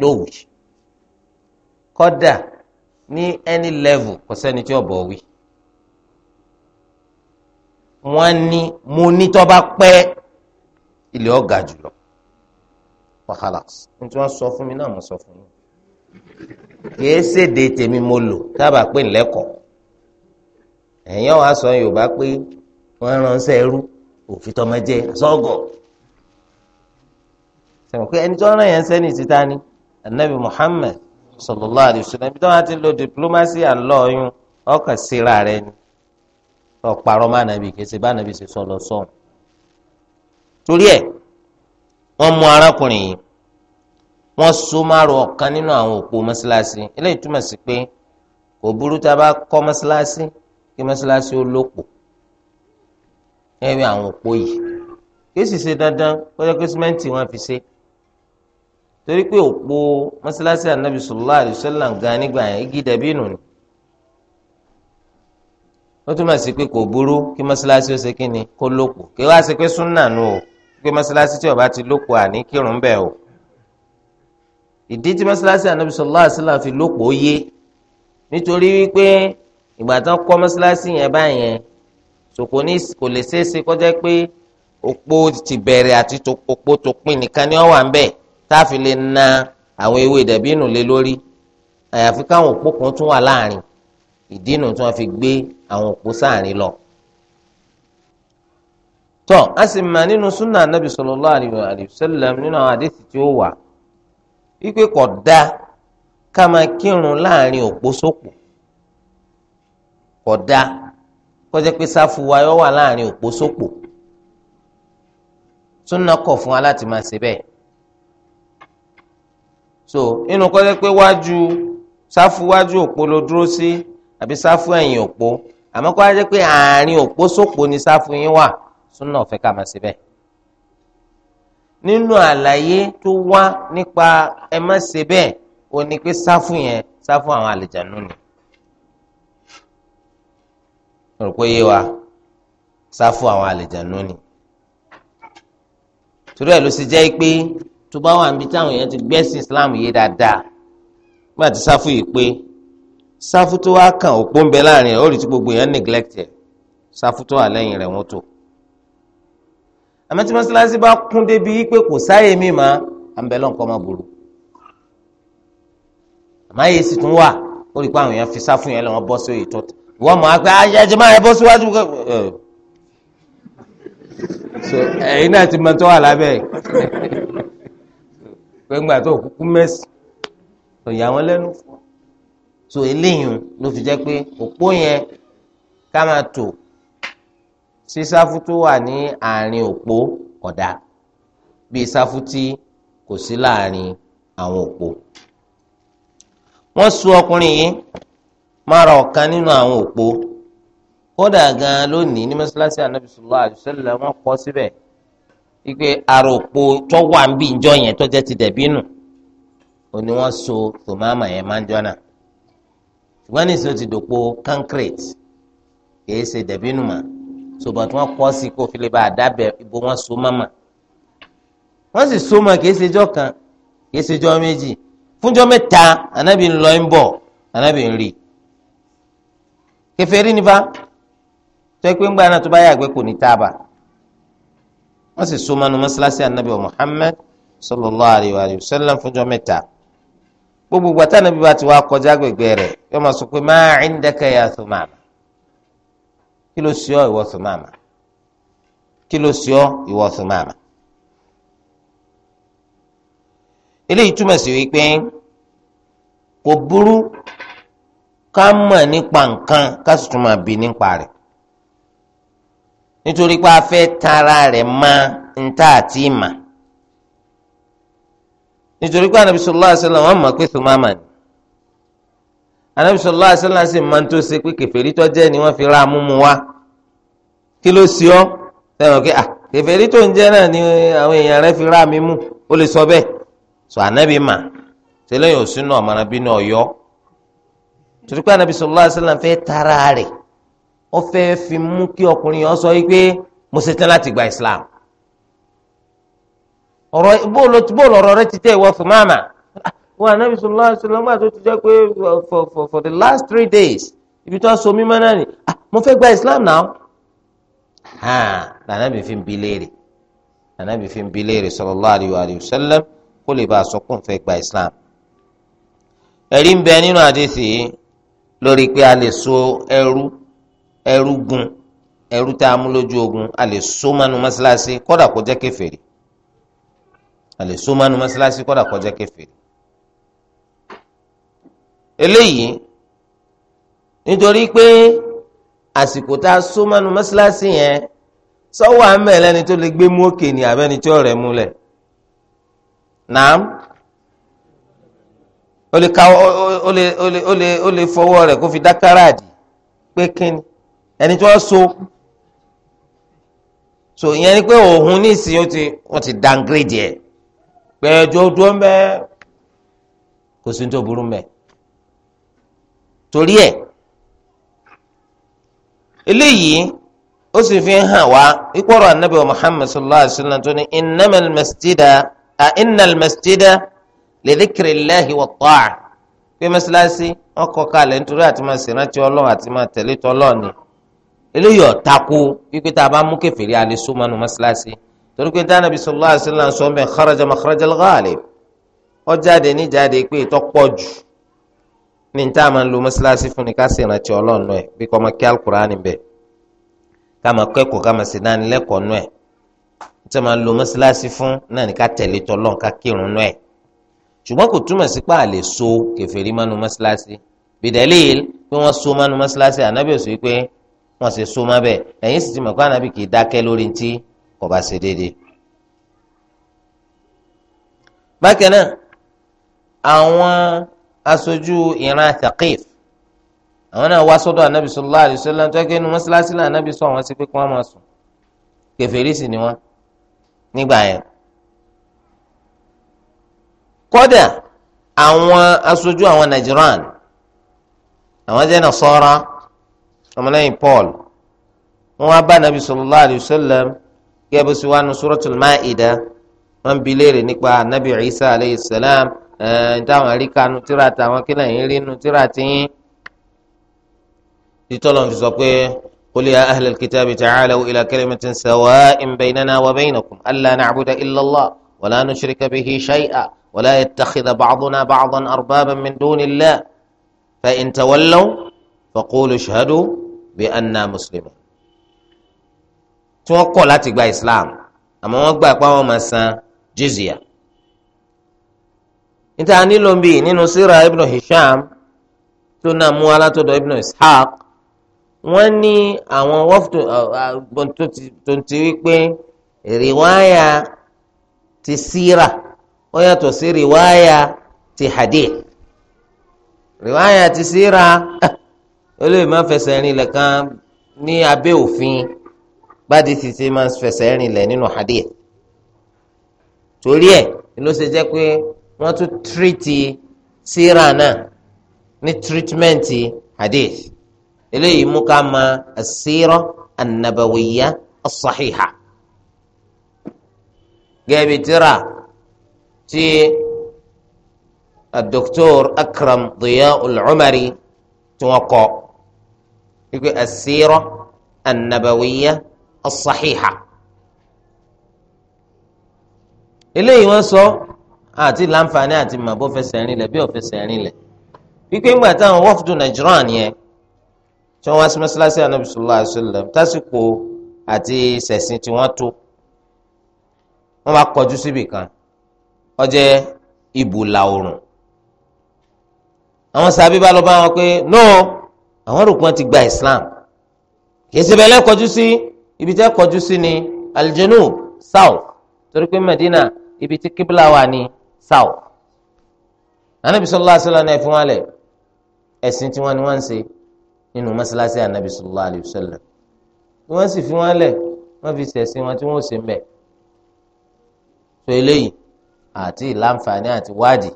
ló kọ́dà ní any level kò sẹ́ni tí ọ̀bọ̀ wí wọ́n ní mo ní tó bá pẹ́ ilé ọ̀gá jùlọ. wàhálàs nítorí wọn sọ fún mi náà mo sọ fún yín kìí ṣèdè tèmi mo lò dábàá pé ńlẹ́kọ̀ọ́ ẹ̀yin àwọn aṣọ yorùbá pé wọ́n ránṣẹ́ ẹrú òfin sẹ́wọ̀n ni anabi muhammed ibi tí wọ́n lo diplomacy and law yún ọkàn rẹ ni kìí ṣe bá ṣe wọ́n mú arákùnrin yìí wọ́n so márùn ọ̀kan nínú àwọn òpó mọ́ṣáláṣí eléyìí túmọ̀ sí pé kò burú tá a bá kọ́ mọ́ṣáláṣí kí mọ́ṣáláṣí ó lòpò ẹ̀rí àwọn òpó yìí kí sì ṣe dandan kọjá pé símẹ́ǹtì wọn fi ṣe torí pé òpó mọ́ṣáláṣí ànábì sallallahu alaihi wasallam nígbà yẹn igi dẹ̀bí nù ni ó túmọ̀ pé kò burú kí ó ṣe kí ni kó lòpò kí pé mọ́sálásí tí ó bá ti lóko àní kírun bẹ́ẹ̀ o ìdí tí mọ́sálásí ànábì sallallahu alaihi wasallam fi lóko yé nítorí wípé ìgbà tán kọ́ mọ́sálásí yẹn báyẹn sòkò ní kò lè ṣeéṣe kọjá pé òpó ti bẹ̀rẹ̀ àti òpó tó pin nìkan ni ó wà ń bẹ̀ tá a fi lè na àwọn ewé dẹ̀bí nù lé lórí àyàfi káwọn òpó kan tún wà láàrin ìdí nù tí wọ́n fi gbé àwọn òpó sáàrin lọ tọ́ a sì mà nínú súnà anábì sallallahu alaihi wasallam nínú àwọn àdéhùn tí ó wà wípé kò dá ká máa kírun láàrin òpó sópò kò dá kó jẹ́ pé sáfù wa yóò wà láàrin òpó sópò súnà kọ̀ fún wa láti máa ṣe bẹ́ẹ̀ so inú kó jẹ́ pé wájú sáfù wájú òpó ló dúró sí àbí sáfù ẹ̀yìn òpó àmọ́ kó pé àárín òpó sópò ni sáfù yín wà súnà ọ̀fẹ́ ká máa ṣe bẹ́ẹ̀. nínú àlàyé tó wá nípa ẹ má ṣe bẹ́ẹ̀ o ní pé sáfù yẹn sáfù àwọn àlìjànú ni. rò pé yé wa sáfù àwọn àlìjànú ni. torí ẹ̀ ló ṣe jẹ́ pé tó bá wà níbi táwọn èèyàn ti gbẹ́sìn Islam yé dáadáa nígbà tí sáfù yìí pé sáfù tó wá kàn òpó ń bẹ láàrin ẹ̀ ó rí tí gbogbo èèyàn neglect sáfù tó wà lẹ́yìn rẹ̀ wọ́n tó àmọ́ tí mọ́sálásí bá kún débi pé kò sáyè mí mà á ń bẹ lọ́nkọ́ má burú àmọ́ àyè sì tún wà ó rí i pé àwọn èèyàn fi sá fún yẹn lọ́wọ́ bọ́ sí òye tó wọ́n mọ̀ á pé ayẹyẹ máa bọ́ síwájú ẹ̀yin náà ti mọ tó wà lábẹ́ ẹ̀ pé tó kúkú mẹ́sì kò yà lẹ́nu fún ọ so eléyìí ló fi jẹ́ pé òpó yẹn ká máa tò sí sáfù tó wà ní àárín òpó kódà bíi sáfù tí kò sí láàárín àwọn òpó. wọ́n sún ọkùnrin yìí mára ọ̀kan nínú àwọn òpó kódà gan-an lónìí ní mọ́ṣáláṣí ànábì sallallahu alaihi wasallam wọ́n kọ́ síbẹ̀ wípé ara òpó tó wà ń bí ìjọ yẹn tó jẹ́ ti dẹ̀bí nù ó ní wọ́n so tòmáàmà yẹn máa ń jọ́nà ṣùgbọ́n nísìnyí ó ti dòpó concrete kì í ṣe dẹ̀bí nù mọ́ ṣùgbọ́n tí wọ́n kọ́ sí kó fi lè bá àdábẹ̀ ibo wọn so mọ́mọ́ wọ́n sì so mọ́ kìí ṣèjọ́ kan kìí ṣèjọ́ méjì fúnjọ́ mẹ́ta ànábì ń lọ ń bọ̀ ànábì ń rí kèfèrí nípa tó pé ńgbà náà tó bá yàgbé kò ní tábà wọ́n sì so mọ́nu mọ́ṣáláṣí ànábì Muhammad sallallahu alayhi wa sallam fúnjọ́ mẹ́ta gbogbo gbàtà ànábì bá ti wá kọjá gbègbè rẹ̀ yọ máa sọ pé ma indaka ya Thumama kí ló sọ ìwọ mama, kí ló sọ ìwọ mama, eléyìí túmọ̀ sí wípé kò burú ká mọ̀ nípa nǹkan ká sì tún máa bi nípa rẹ̀ nítorí a fẹ́ tara rẹ̀ mọ nta àti ìmà nítorí pé Ànábì sallallahu alaihi mọ̀ pé anabi sallallahu alaihi wasallam sì máa ń tó ṣe pé kèfèrí tó jẹ́ ni wọ́n fi ra amúmu wa kí ló ṣe ọ́ sẹ́wọ̀n kí ah kèfèrí tó ń jẹ́ náà ni àwọn èèyàn rẹ̀ fi ra mi mú ó lè sọ bẹ́ẹ̀ sọ anabi mà sẹlẹ̀yìn òsínú ọ̀mọ̀ràn bínú ọ̀yọ́ torí pé anabi sallallahu alaihi wasallam tara rẹ̀ ó fi mú kí ọkùnrin yẹn sọ wípé mo ṣetán láti gba Islam ọ̀rọ̀ bóòlù ọ̀rọ̀ rẹ ti tẹ́ ìwọ fún máàmá wọn anabi sallallahu alaihi wasallam gbà tó ti jẹ́ pé for for for the last three days ibi tó so mímọ́ náà ni ah mo fẹ́ gba islam náà lànàbì fi ń bi léèrè lànàbì fi ń bi léèrè sallallahu alaihi wasallam kó lè bá a sọ pé òun gba islam ẹ̀rí ń bẹ nínú àdìsí lórí pé a lè so ẹrú ẹrú gun ẹrú tá a mú lójú ogun a lè so mánu mọ́sálásí kódà kó jẹ́ kèfèrí a lè so mánu mọ́sálásí kódà kó jẹ́ kèfèrí eléyìí nítorí pé àsìkò tá a só mánu mọ́ṣáláṣí yẹn sọ́wọ́ àmọ́ ẹlẹ́ni tó lè gbé mú òkè ní abẹ́ni tí ọ̀rẹ́ múlẹ̀ nàám o lè káwọ́ ó lè lè lè fi pé kíni ẹni so so ìyẹn ni pé òun ní ó ti wọ́n ti downgrade ẹ̀ pẹ̀ẹ́jọ́ dúró ń kò sí ní torí ẹ̀ eléyìí ó sì fi hàn wá ìkọ̀rọ̀ anabi muhammad sallallahu alayhi wa sallam tó ní innamal masjida a innal masjida li dhikrillahi wa ta'a pé mẹsàlásì wọn kọ́ kalẹ̀ nítorí àti máa ṣèrántí Ọlọ́run àti máa tẹ̀lé tỌlọ́run ni eléyìí ọ̀tako wípé tá a bá mú kèfèrí alẹ́ súnmọ́nu mẹsàlásì torí pé dáná bí sallallahu alayhi wa sallam sọ mẹ́ kharaja makharajal ghalib ó ní n tá a máa ń lo mọ́ṣáláṣí fún ni ká sì rántí ọlọ́run ẹ̀ bí kò máa kí alukur'an bẹ̀ ká máa kẹ́kọ̀ọ́ ká máa sì dání lẹ́kọ̀ọ́ nù ẹ̀ n tá máa lo mọ́ṣáláṣí fún náà ni ká tẹ̀lé tọ́lọ́run ká kírun nù ẹ̀ ṣùgbọ́n kò túmọ̀ sí pé a lè so kèfèrí mánu mọ́ṣáláṣí bìdẹ́lì pé wọ́n so mánu mọ́ṣáláṣí ànábì ò sí pé wọ́n sì so má bẹ́ẹ̀ ẹ̀yin sì àwọn aṣojú ìran Thaqif àwọn náà wá sọ́dọ̀ anabi sallallahu alaihi wasallam tó kẹ́nu mọ́ṣáláṣí náà anabi sọ wọn sí pé kí wọ́n máa sùn kèfèrí sì ni wọ́n nígbà yẹn. kódà àwọn aṣojú àwọn Najran àwọn jẹ́ Nasara ọmọlẹ́yìn Paul wọ́n wá bá anabi sallallahu alaihi wasallam kí ẹ bó sì wá nu Suratul Ma'idah wọ́n bi léèrè nípa anabi Isa alayhi salam. ntáwọn rí kanu tíra táwọn kí lẹ́yìn rí nu tíra tiyín. títọ́lọ̀ fi sọ pé qul ya ahlal kitabi ta'alaw ila kalimatin sawa'in baynana wa baynakum alla na'buda illa Allah wàlá la nushrika bihi shay'a wa la yattakhidha ba'duna ba'dan arbaban min dunillah fa in tawallaw faqulu ishhadu bi anna muslimun. tí wọ́n kọ̀ láti gba islam àmọ́ wọ́n gbà pé àwọn máa san jizya. níta nílò ń bì nínú síra ibn hisham tó náà mú alátọ́dọ̀ ibn ishaq wọ́n ní àwọn wọ́fù tó ti wípé rìwáyà ti síra ó yàtọ̀ sí rìwáyà ti hadith rìwáyà ti síra ó lè má fẹsẹ̀ rìn lẹ́kan ní abẹ́ òfin bádi ti ti máa fẹsẹ̀ rìn nínú hadith torí ẹ̀ ló ṣe jẹ́ pé. wọ́n tún tírìtì síra náà ní tírítímẹ́ǹtì hadith eléyìí mú ká ma asírọ anabawiya an gebi tíra ti dr akram Diya'ul Umari tí wọ́n ikú asírọ anabawiya an wọ́n sọ. So, àti láǹfààní àti màbọ́ fẹsẹ̀ rìn lẹ̀ bí ò fẹsẹ̀ rìn lẹ̀ wípé ńgbà táwọn wọ́fdù Najran yẹn tí wọ́n wá sí mọ́sálásí Ànábì sallallahu alaihi wasallam tásìkò àti sẹ̀sìn tí wọ́n tó wọ́n bá kọjú síbì kan ó jẹ́ ibùlà àwọn sábẹ́ bá lọ bá wọn pé no àwọn rò pé ti gba Islam kì í ṣe bẹ́ẹ̀ lẹ́kọjú sí ibi tẹ́ kọjú sí ni aljanub south torí pé Medina ibi tí kíbla wà ní sáwọ̀ anabi sallallahu alaihi wasallam náà fún wa lẹ̀ ẹ̀sìn tiwọn ni wọ́n ń ṣe nínú mọ́sálásí anabi sallallahu alaihi wasallam ni wọ́n sì fún wa lẹ̀ wọ́n fi ṣẹ̀sìn wọn tí wọ́n ṣe mẹ́ tó eléyìí àti ìlànfààní àti wádìí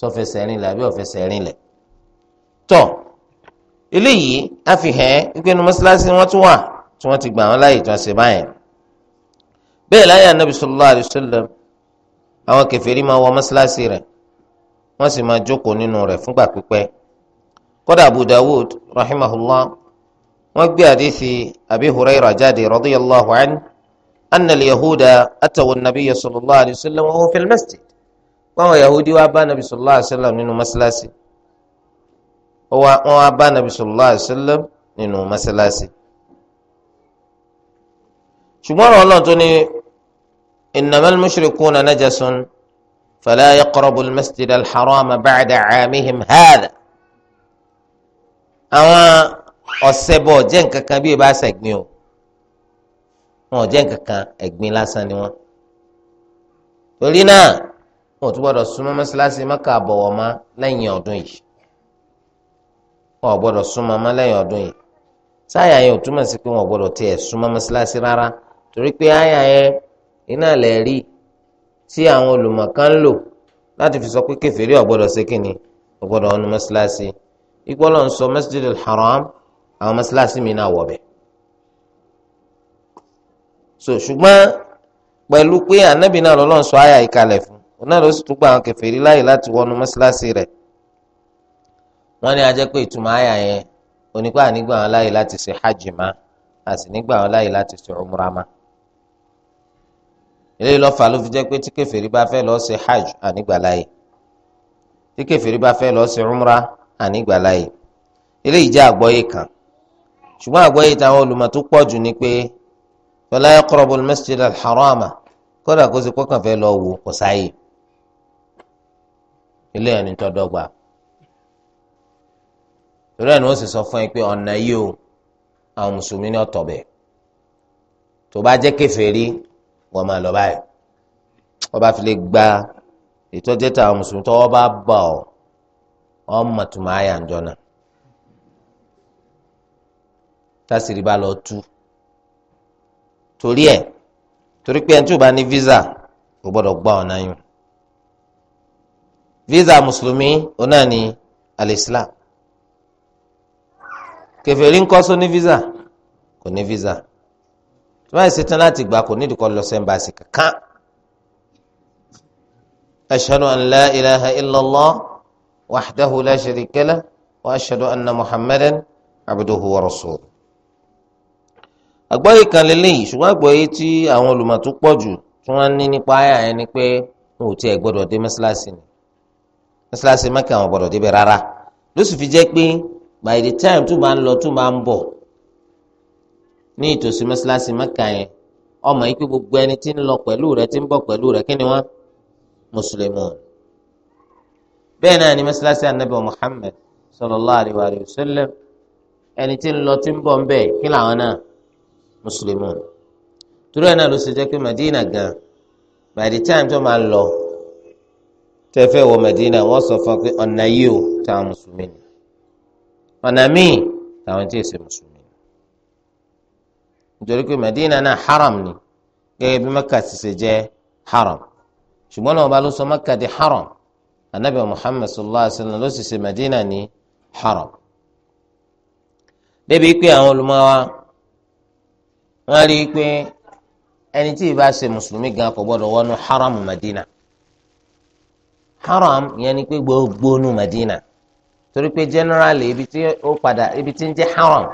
sọfẹsẹrin lẹ àbí ọfẹsẹrin lẹ tọ eléyìí a fi hàn wípé nu mọ́sálásí wọ́n tún wà tí wọ́n ti gbà wọ́n láàyè tí wọ́n ṣe báyẹn bẹ́ẹ̀ láyé anabi sallallahu alaihi àwọn kèfèrí máa wọ mọ́ṣáláṣí rẹ̀ wọ́n sì máa jókòó nínú rẹ̀ fúngbà pípẹ́ kódà Abu Dawud rahimahullah wọ́n gbé àdìsí Abi Hurayra jáde radiyallahu anhu anna al-yahuda atawu an-nabiyya sallallahu alayhi wa sallam wa huwa fil masjid wọ́n yahudi wá bá nabi sallallahu alayhi wa sallam nínú mọ́ṣáláṣí wọ́n wá bá nabi sallallahu alayhi wa sallam nínú mọ́ṣáláṣí ṣùgbọ́n ọlọ́run tó ní إنما المشركون نجس فلا يقرب المسجد الحرام بعد عامهم هذا àwọn ọ̀sẹ̀bọ̀ jẹ́ nǹkan kan bí ìbá ṣẹ̀gbìn o wọn ò jẹ́ nǹkan kan ẹ̀gbin lásán ni wọn. torí náà wọn ò tún gbọ́dọ̀ súnmọ́ mọ́ṣáláṣí mọ́kà àbọ̀wọ̀ mọ́ lẹ́yìn ọdún yìí wọn ò gbọ́dọ̀ súnmọ́ mọ́ lẹ́yìn ọdún yìí sáyà yẹn ò túmọ̀ sí pé wọn ò gbọ́dọ̀ tiẹ̀ súnmọ́ mọ́ṣáláṣí rárá torí pé áyà yẹn iná lẹ̀ rí tí àwọn olùmọ̀kan ń lò láti fi sọ pé kèfèrí ọ̀gbọ́dọ̀ ṣe kínni ọ̀gbọ́dọ̀ ọ̀nù mọ́ṣáláṣí ìpọ́lọ̀ ń sọ masjidul haram àwọn mọ́ṣáláṣí mi náà wọ̀bẹ̀. so ṣùgbọ́n pẹ̀lú pé ànábì náà lọ́lọ́ sọ àyà ìkalẹ̀ fún un náà ló sì tún gba àwọn kèfèrí láàyè láti wọnú mọ́ṣáláṣí rẹ̀ wọ́n ní a jẹ́ pé ìtumọ̀ àyà yẹn onípa ànígbà wọn láàyè láti ṣe hajj má àti nígbà wọn láàyè láti ṣe umrah má eléyìí lọ́ọ́ fà ló fi jẹ́ pé tí kèfèrí bá fẹ́ lọ́ọ́ ṣe hajj ànígbàláyè tí kèfèrí bá fẹ́ lọ́ọ́ ṣe umra ànígbàláyè eléyìí jẹ́ àgbọ́yé kan ṣùgbọ́n àgbọ́yé táwọn olùmọ̀ tó pọ̀ jù ni pé fala yaqrabu al-masjid al-harama kódà kó ṣe kọ́kàn fẹ́ lọ́ọ́ wò kò sáyè eléyìí ni tọ́ torí ẹ̀ wọ́n sì sọ fún ẹ pé ọ̀nà yìí o àwọn mùsùlùmí ni ọ̀tọ̀ bẹ̀ tó bá jẹ́ kèfèrí wọ́n máa lọ báyìí wọ́n bá fi lè gba ètò ìjẹta àwọn mùsùlùmí tó wọ́n bá bà ọ́ ọmọ tùmọ̀ àyà ń jọ náà tásìrì bá lọ tú torí ẹ̀ torí pé ẹni tí ò bá ní visa kò gbọ́dọ̀ gbà ọ̀nà yìí visa mùsùlùmí ọ̀nà ni al-Islam kèfèrí ńkọ́ só ní visa kò ní visa tí wọ́n ṣe tán láti gbà kò nídìí kọ́ lọ sẹ́ńbàṣì kankan. ashhadu an la ilaha illallah wahdahu la sharika lah wa ashhadu anna muhammadan abduhu wa rasuluh. àgbọ́yé kan lélẹ́yìn ṣùgbọ́n àgbọ́yé tí àwọn olùmọ̀ tó pọ̀ jù tí wọ́n ní nípa ayà yẹn ni pé wọn ò tiẹ̀ gbọ́dọ̀ dé mọ́ṣáláṣí ni mọ́ṣáláṣí mẹ́kà wọn gbọ́dọ̀ débẹ̀ rárá ló fi jẹ́ pé by the time tó máa ń lọ tó máa ń bọ̀ ní ìtòsí mọ́ṣáláṣí mẹ́ka yẹn ọmọ yìí pé gbogbo ẹni tí ń lọ pẹ̀lú rẹ tí ń bọ̀ pẹ̀lú rẹ kí ni wọ́n mùsùlùmí bẹ́ẹ̀ náà ni mọ́ṣáláṣí anabi muhammed sallallahu alayhi wa sallam ẹni tí ń lọ tí ń bọ̀ ń bẹ̀ kí làwọn náà mùsùlùmí turu ẹ̀ náà ló ṣe jẹ́ pé madina gan by the time tó máa lọ tẹ́fẹ́ wọ madina wọ́n sọ fún ọ pé ọ̀nà yìí o táwọn mùsùlùmí ni ọ̀nà míì nítorí pé Madina náà haram ni gẹ́gẹ́ bí Mẹ́kà ti ṣe jẹ́ haram ṣùgbọ́n náà ọba ló sọ Mẹ́kà di haram anabi Muhammad sallallahu alaihi wa sallam ló sì ṣe Madina ní haram débi pé àwọn olùmọ́wá wọ́n rí i pé ẹni tí ìbá ṣe mùsùlùmí gan kò gbọ́dọ̀ wọnú haram Madina haram yẹn ni pé gbogbo nu Madina torí pé generally ibi tí ó padà ibi tí ń jẹ́ haram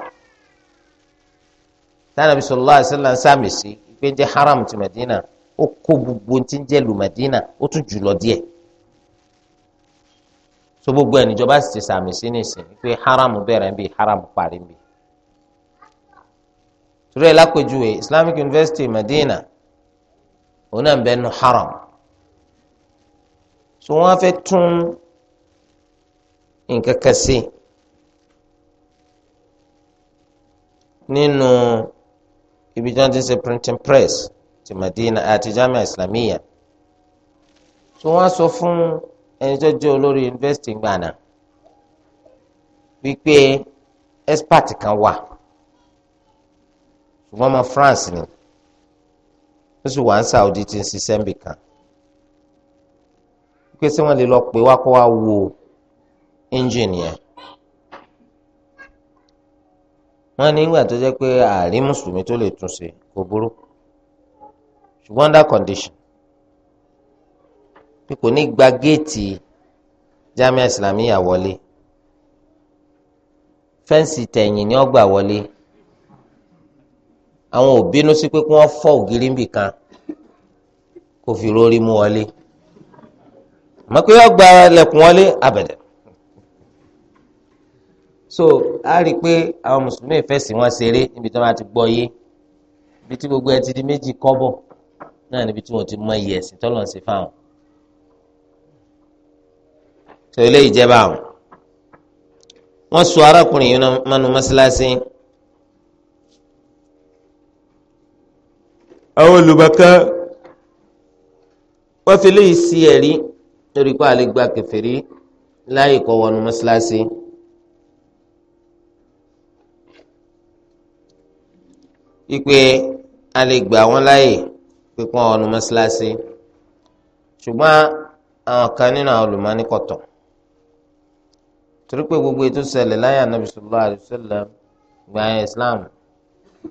tánàbí sallallahu alaihi wasallam sàmì sí pé jẹ́ haram ti Madina ó kó gbogbo tí ń jẹ́ lu Madina ó tún jù lọ díẹ̀ so gbogbo ẹnìjọba sì ti sàmì sí nìsín pé haram bẹ̀rẹ̀ ń bi haram parí ń bi torí ẹ lápèjúwe Islamic University Madina òun náà ń bẹ nu haram so wọ́n fẹ́ tún nǹkan kan sí nínú. No ibi tí wọ́n ti ń ṣe printing press ti Madina àti Jamia Islamiyya tí wọ́n sọ fún ẹni tó jẹ́ olórí yunifásitì gbàna wípé expert kan wà ṣùgbọ́n ọmọ France ni ó sì wà ń Saudi ti ń ṣiṣẹ́ níbì kan wípé ṣé lè lọ pé wá wá wo engine yẹn wọn ní ìgbà tó jẹ́ pé ààrí mùsùlùmí tó lè tún ṣe kò burú ṣùgbọ́n under condition pé kò ní gba géètì jamia islamiyya wọlé fẹ́ǹsì tẹ̀yìn ni ó gbà wọlé àwọn ò bínú sí pé kí wọ́n fọ́ ògiri níbì kan kó fi rórí mú wọlé mọ̀ pé ó gba wọlé abẹ̀dẹ̀ so a rí i pé àwọn mùsùlùmí ìfẹsìn wọn ṣeré níbi tí wọn ti gbọ́ yé ibi tí gbogbo ẹ ti di méjì kọ́bọ̀ náà níbi tí wọn ti mọ iye ẹ̀sìn tọ́lọ̀ ń ṣe fáwọn tó ilé ìjẹba àwọn wọn sọ arákùnrin yìí mọnú mọ́ṣáláṣí. àwọn olùbàkà wọn fi léyìí sí ẹ̀rí lórí pé àlè gba kẹfẹ́rí láyè wọnú mọ́ṣáláṣí. wípé a lè gbà wọ́n láàyè pípọ́n ọ̀nù mọ́ṣáláṣí ṣùgbọ́n àwọn kan nínú àwọn olùmọ́ni kọ̀tọ̀ torí pé gbogbo ètò ṣẹlẹ̀ láyé ànábì sallallahu alaihi gba Islam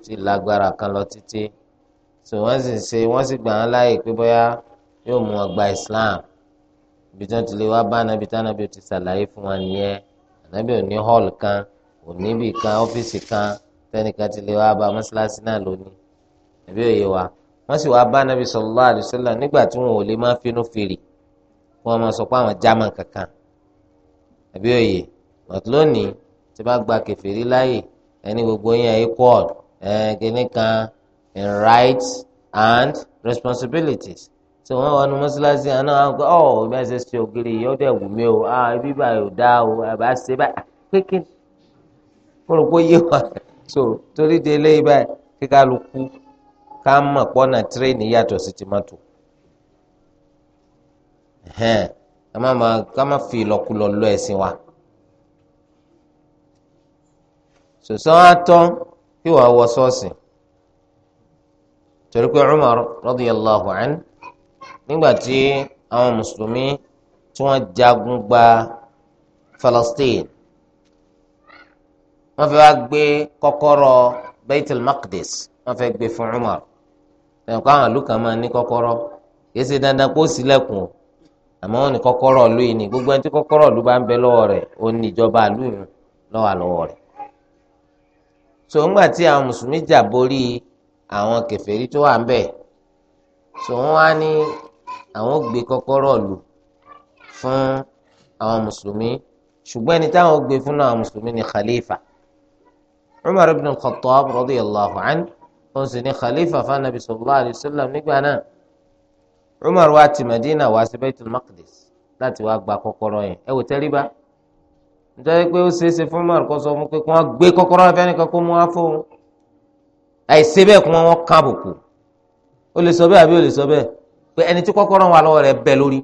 ti lágbára kan lọ títí tí wọ́n sì ṣe wọ́n sì gbà wọ́n láàyè pé bóyá yóò mú wọn gba Islam ibi tí wọ́n ti lè wá bá ànábì tí ànábì ti ṣàlàyé fún wọn nìyẹn ànábì ò ní hall kan ò níbì kan ọ́fíìsì kan tẹnìkan ti lè wá bá mọ́ṣáláṣí náà lónìí àbí òye wa wọ́n sì wáá bá nàbì sallallahu alaihi wasallam nígbà tí wọn ò lè máa finú fèrè kí wọ́n máa sọ pé àwọn jámà kankan àbí òye but lónìí tí bá gba kẹfìrí láàyè ẹni gbogbo yẹn equal ẹ̀ẹ́dẹ́nìkan in rights and responsibilities tí wọ́n wà ní mọ́ṣáláṣí àná àwọn ọ̀ ìgbà ṣe ṣe ògiri yìí ó dẹ̀ wù mí o ah, ibi báyìí ò dá o àbá ṣe báyìí kékeré ah, mo yé wa. so torí de eléyìí báyìí kí kálukú ká mọ̀ na tírẹ́ẹ̀nì yàtọ̀ sí fi lọ ẹ̀sìn wa kí wàá wọ sọ́ọ̀sì torí pé Umar nígbà tí àwọn Falastin wọ́n fẹ́ wá gbé kọ́kọ́rọ́ Baitul Maqdis wọ́n fẹ́ gbé fún Umar lẹ́yìn kó àwọn àlùkàn máa ní kọ́kọ́rọ́ kìí ṣe dandan kó sílẹ̀kùn o àmọ́ wọ́n ní kọ́kọ́rọ́ ìlú yìí ni gbogbo ẹni tí kọ́kọ́rọ́ ìlú bá ń bẹ lọ́wọ́ rẹ̀ ó ní ìjọba ìlú yìí lọ́wọ́ àlọ́wọ́ rẹ̀. so ńgbà tí àwọn mùsùlùmí jà borí àwọn kèfèrí tó wà ń bẹ̀ so wọ́n wá ní àwọn gbé kọ́kọ́rọ́ ìlú fún àwọn mùsùlùmí ṣùgbọ́n ẹni táwọn gbé fún àwọn mùsùlùmí ni khalifa umar ibn al-khattab radiyallahu anhu òun sì ni khalifa fanabi sallallahu alayhi wa sallam nígbà náà umar wá ti madina wá sí baitul maqdis láti wá gba kọ́kọ́rọ́ yẹn ẹ wò tẹríba nítorí pé ó ṣeéṣe fún umar kó sọ fún pé kí wọn gbé kọ́kọ́rọ́ yẹn fẹnìkan kó mú wá fún un àìṣe bẹ́ẹ̀ kí wọn kàn àbùkù ó lè sọ bẹ́ẹ̀ àbí ó lè sọ bẹ́ẹ̀ pé ẹni tí kọ́kọ́rọ́ wà lọ́wọ́ rẹ̀ bẹ́ lórí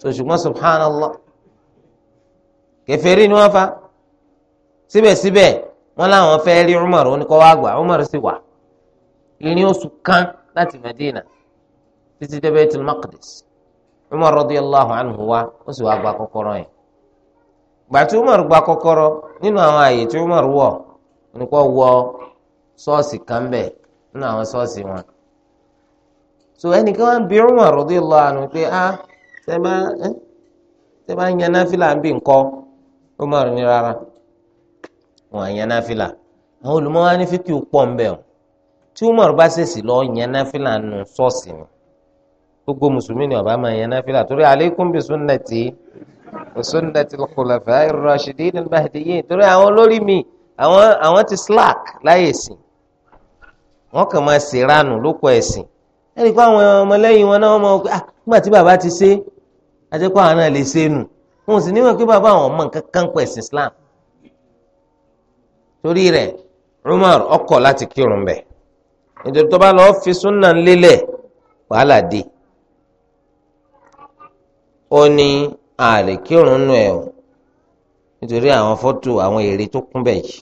ṣùgbọ́n subhanallah kèfèrí ni wọ́n fa síbẹ̀síbẹ̀ wọ́n láwọn fẹ́ rí Umar oníkọ́ wá gbà Umar sì wà ìrìn oṣù kan láti Medina títí dé Baitul Maqdis Umar allahu anhu wa ó sì wá gba kọ́kọ́rọ́ yẹn gbàtí Umar gba kọ́kọ́rọ́ nínú àwọn àyè tí Umar wọ̀ oníkọ́ wọ ṣọ́ọ̀ṣì kan bẹ̀ nínú àwọn wọn so ẹnìkan wá bi Umar radiyallahu anhu pé ah tẹ́ bá ń yan náfìlà ń bì ń kọ́ wọn àyàn náfìlà àwọn olùmọ̀wá ní fíkì pọ̀ ń bẹ̀ ọ́ tí Umar bá ṣèṣì lọ yàn náfìlà nù sọ́ọ̀sì ni gbogbo mùsùlùmí ni ọba máa yàn náfìlà torí alaykum bi sunnati wa sunnati al-khulafa'ir rashidin al torí àwọn olórí mi àwọn àwọn ti slack láyè sìn wọn kàn máa ṣèrànù lóko ẹ̀sìn ẹnì kan àwọn ọmọlẹ́yìn wọn náà wọn máa ah nígbà tí bàbá ti ṣe àti kó àwọn náà lè ṣe nù wọn sì níwọ̀n pé bàbá àwọn ọmọ nǹkan kan pẹ̀sìn Islam torí rẹ̀ Umar ọkọ̀ láti kírun bẹ̀ nítorí tó bá lọ́ọ́ fi súnà lélẹ̀ wàhálà dé ó ní àlè kírun nù ẹ̀ o nítorí àwọn fọ́tò àwọn èrè tó kún bẹ̀ yìí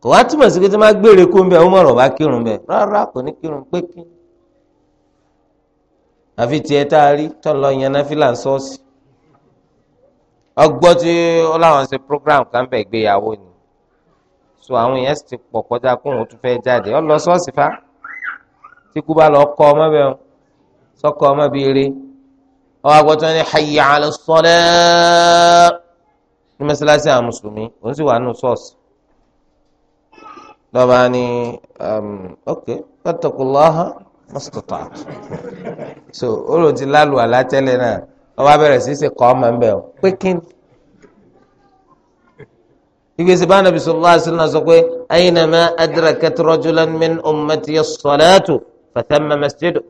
kò wá túmọ̀ sí pé tí wọ́n gbére kó ń Umar ọba kírun bẹ̀ rárá kò ní kírun pé kí àfi tiẹ̀ tá a rí tọ́lọ yẹn náfìlà ń sọ́ọ̀sì ọgbọ́n tí ó láwọn ṣe program kan bẹ̀ gbéyàwó ni so àwọn ti pọ̀ kọjá kó tún fẹ́ jáde ọ fa tí kú bá lọ sọ́kọ́ ọmọ bíi ọwọ́ agbọ́tọ́ ala ní mẹ́sàlásì àwọn mùsùlùmí òun sì wà nù sọ́ọ̀sì ni ok so náà ọba bẹ̀rẹ̀ sí ọmọ ìgbésẹ̀ bá nàbì sallallahu alaihi wasallam sọ pé aynama adrakat rajulan min ummati as-salatu fatamma masjidu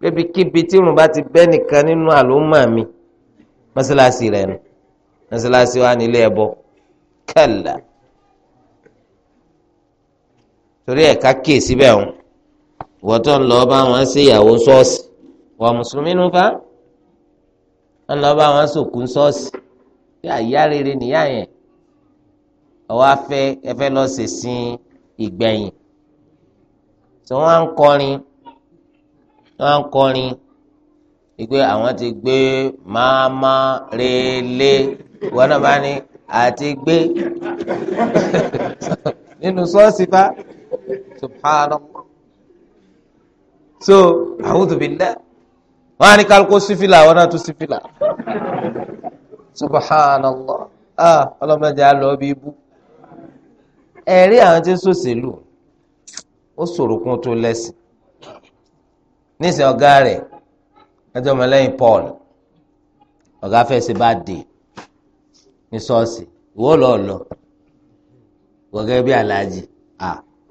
bébí kíbi tí irun bá ti bẹ́ nìkan nínú àlùmọ́ mi mọ́sálásí rẹ̀ nù mọ́sálásí wa nílé ẹ̀bọ kàlà torí ẹ̀ ká kíyè síbẹ̀ ọ̀hún wọ́n tó ń lọ bá wọn ṣe ìyàwó ṣọ́ọ̀ṣì wọ́n mùsùlùmí nù fa ń lọ bá wọn sòkú ṣọ́ọ̀ṣì bí àyà rere nìyá yẹn ọwọ́ afẹ́ ẹfẹ́ lọ ṣèṣin ìgbẹ̀yìn tí wọ́n á ń kọrin wọ́n á ń kọrin ìgbé àwọn ti gbé máàmá rèélé ìwọ náà bá ní àti gbé nínú ṣọ́ọ̀ṣì bá subhanallah so a'udhu billah wọn á ní kálukú sífìlà àwọn náà tún sífìlà subhanallah ah ọlọ́mọdé á lọ bí ibú ẹ̀rí àwọn tí ń ṣòṣèlú ó ṣòro kún tó lẹ́sìn nísìn ọ̀gá rẹ̀ ẹjọ́ ọmọlẹ́yìn Paul ọ̀gá fẹ́ ṣe bá dé ní ṣọ́ọ̀ṣì ìwọ lọ lọ gẹ́gẹ́ bí aláàjì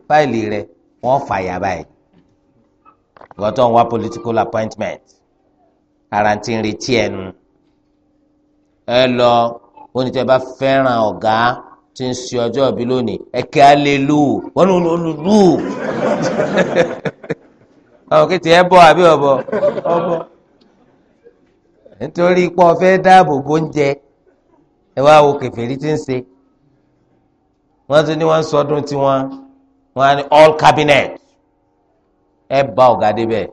fáìlì rẹ̀ wọ́n fàyà báyìí ìwọ́n tó ń wá political appointment ara ti ń retí ẹnu ẹ lọ onítẹ̀ bá fẹ́ràn ọ̀gá tí ń ṣe ọjọ́ ìbí lónìí ẹ̀kẹ́ alelu wọn ni olùlù àwọn kìtì ẹ bọ àbí ọbọ ọbọ nítorí pé ọ fẹ́ dáàbò bó ń jẹ ẹ wá wo kèfèrí tí ń ṣe wọ́n tún ní wọ́n sọdún tiwọn wọ́n á ní all cabinet ẹ bá ọ̀gá débẹ̀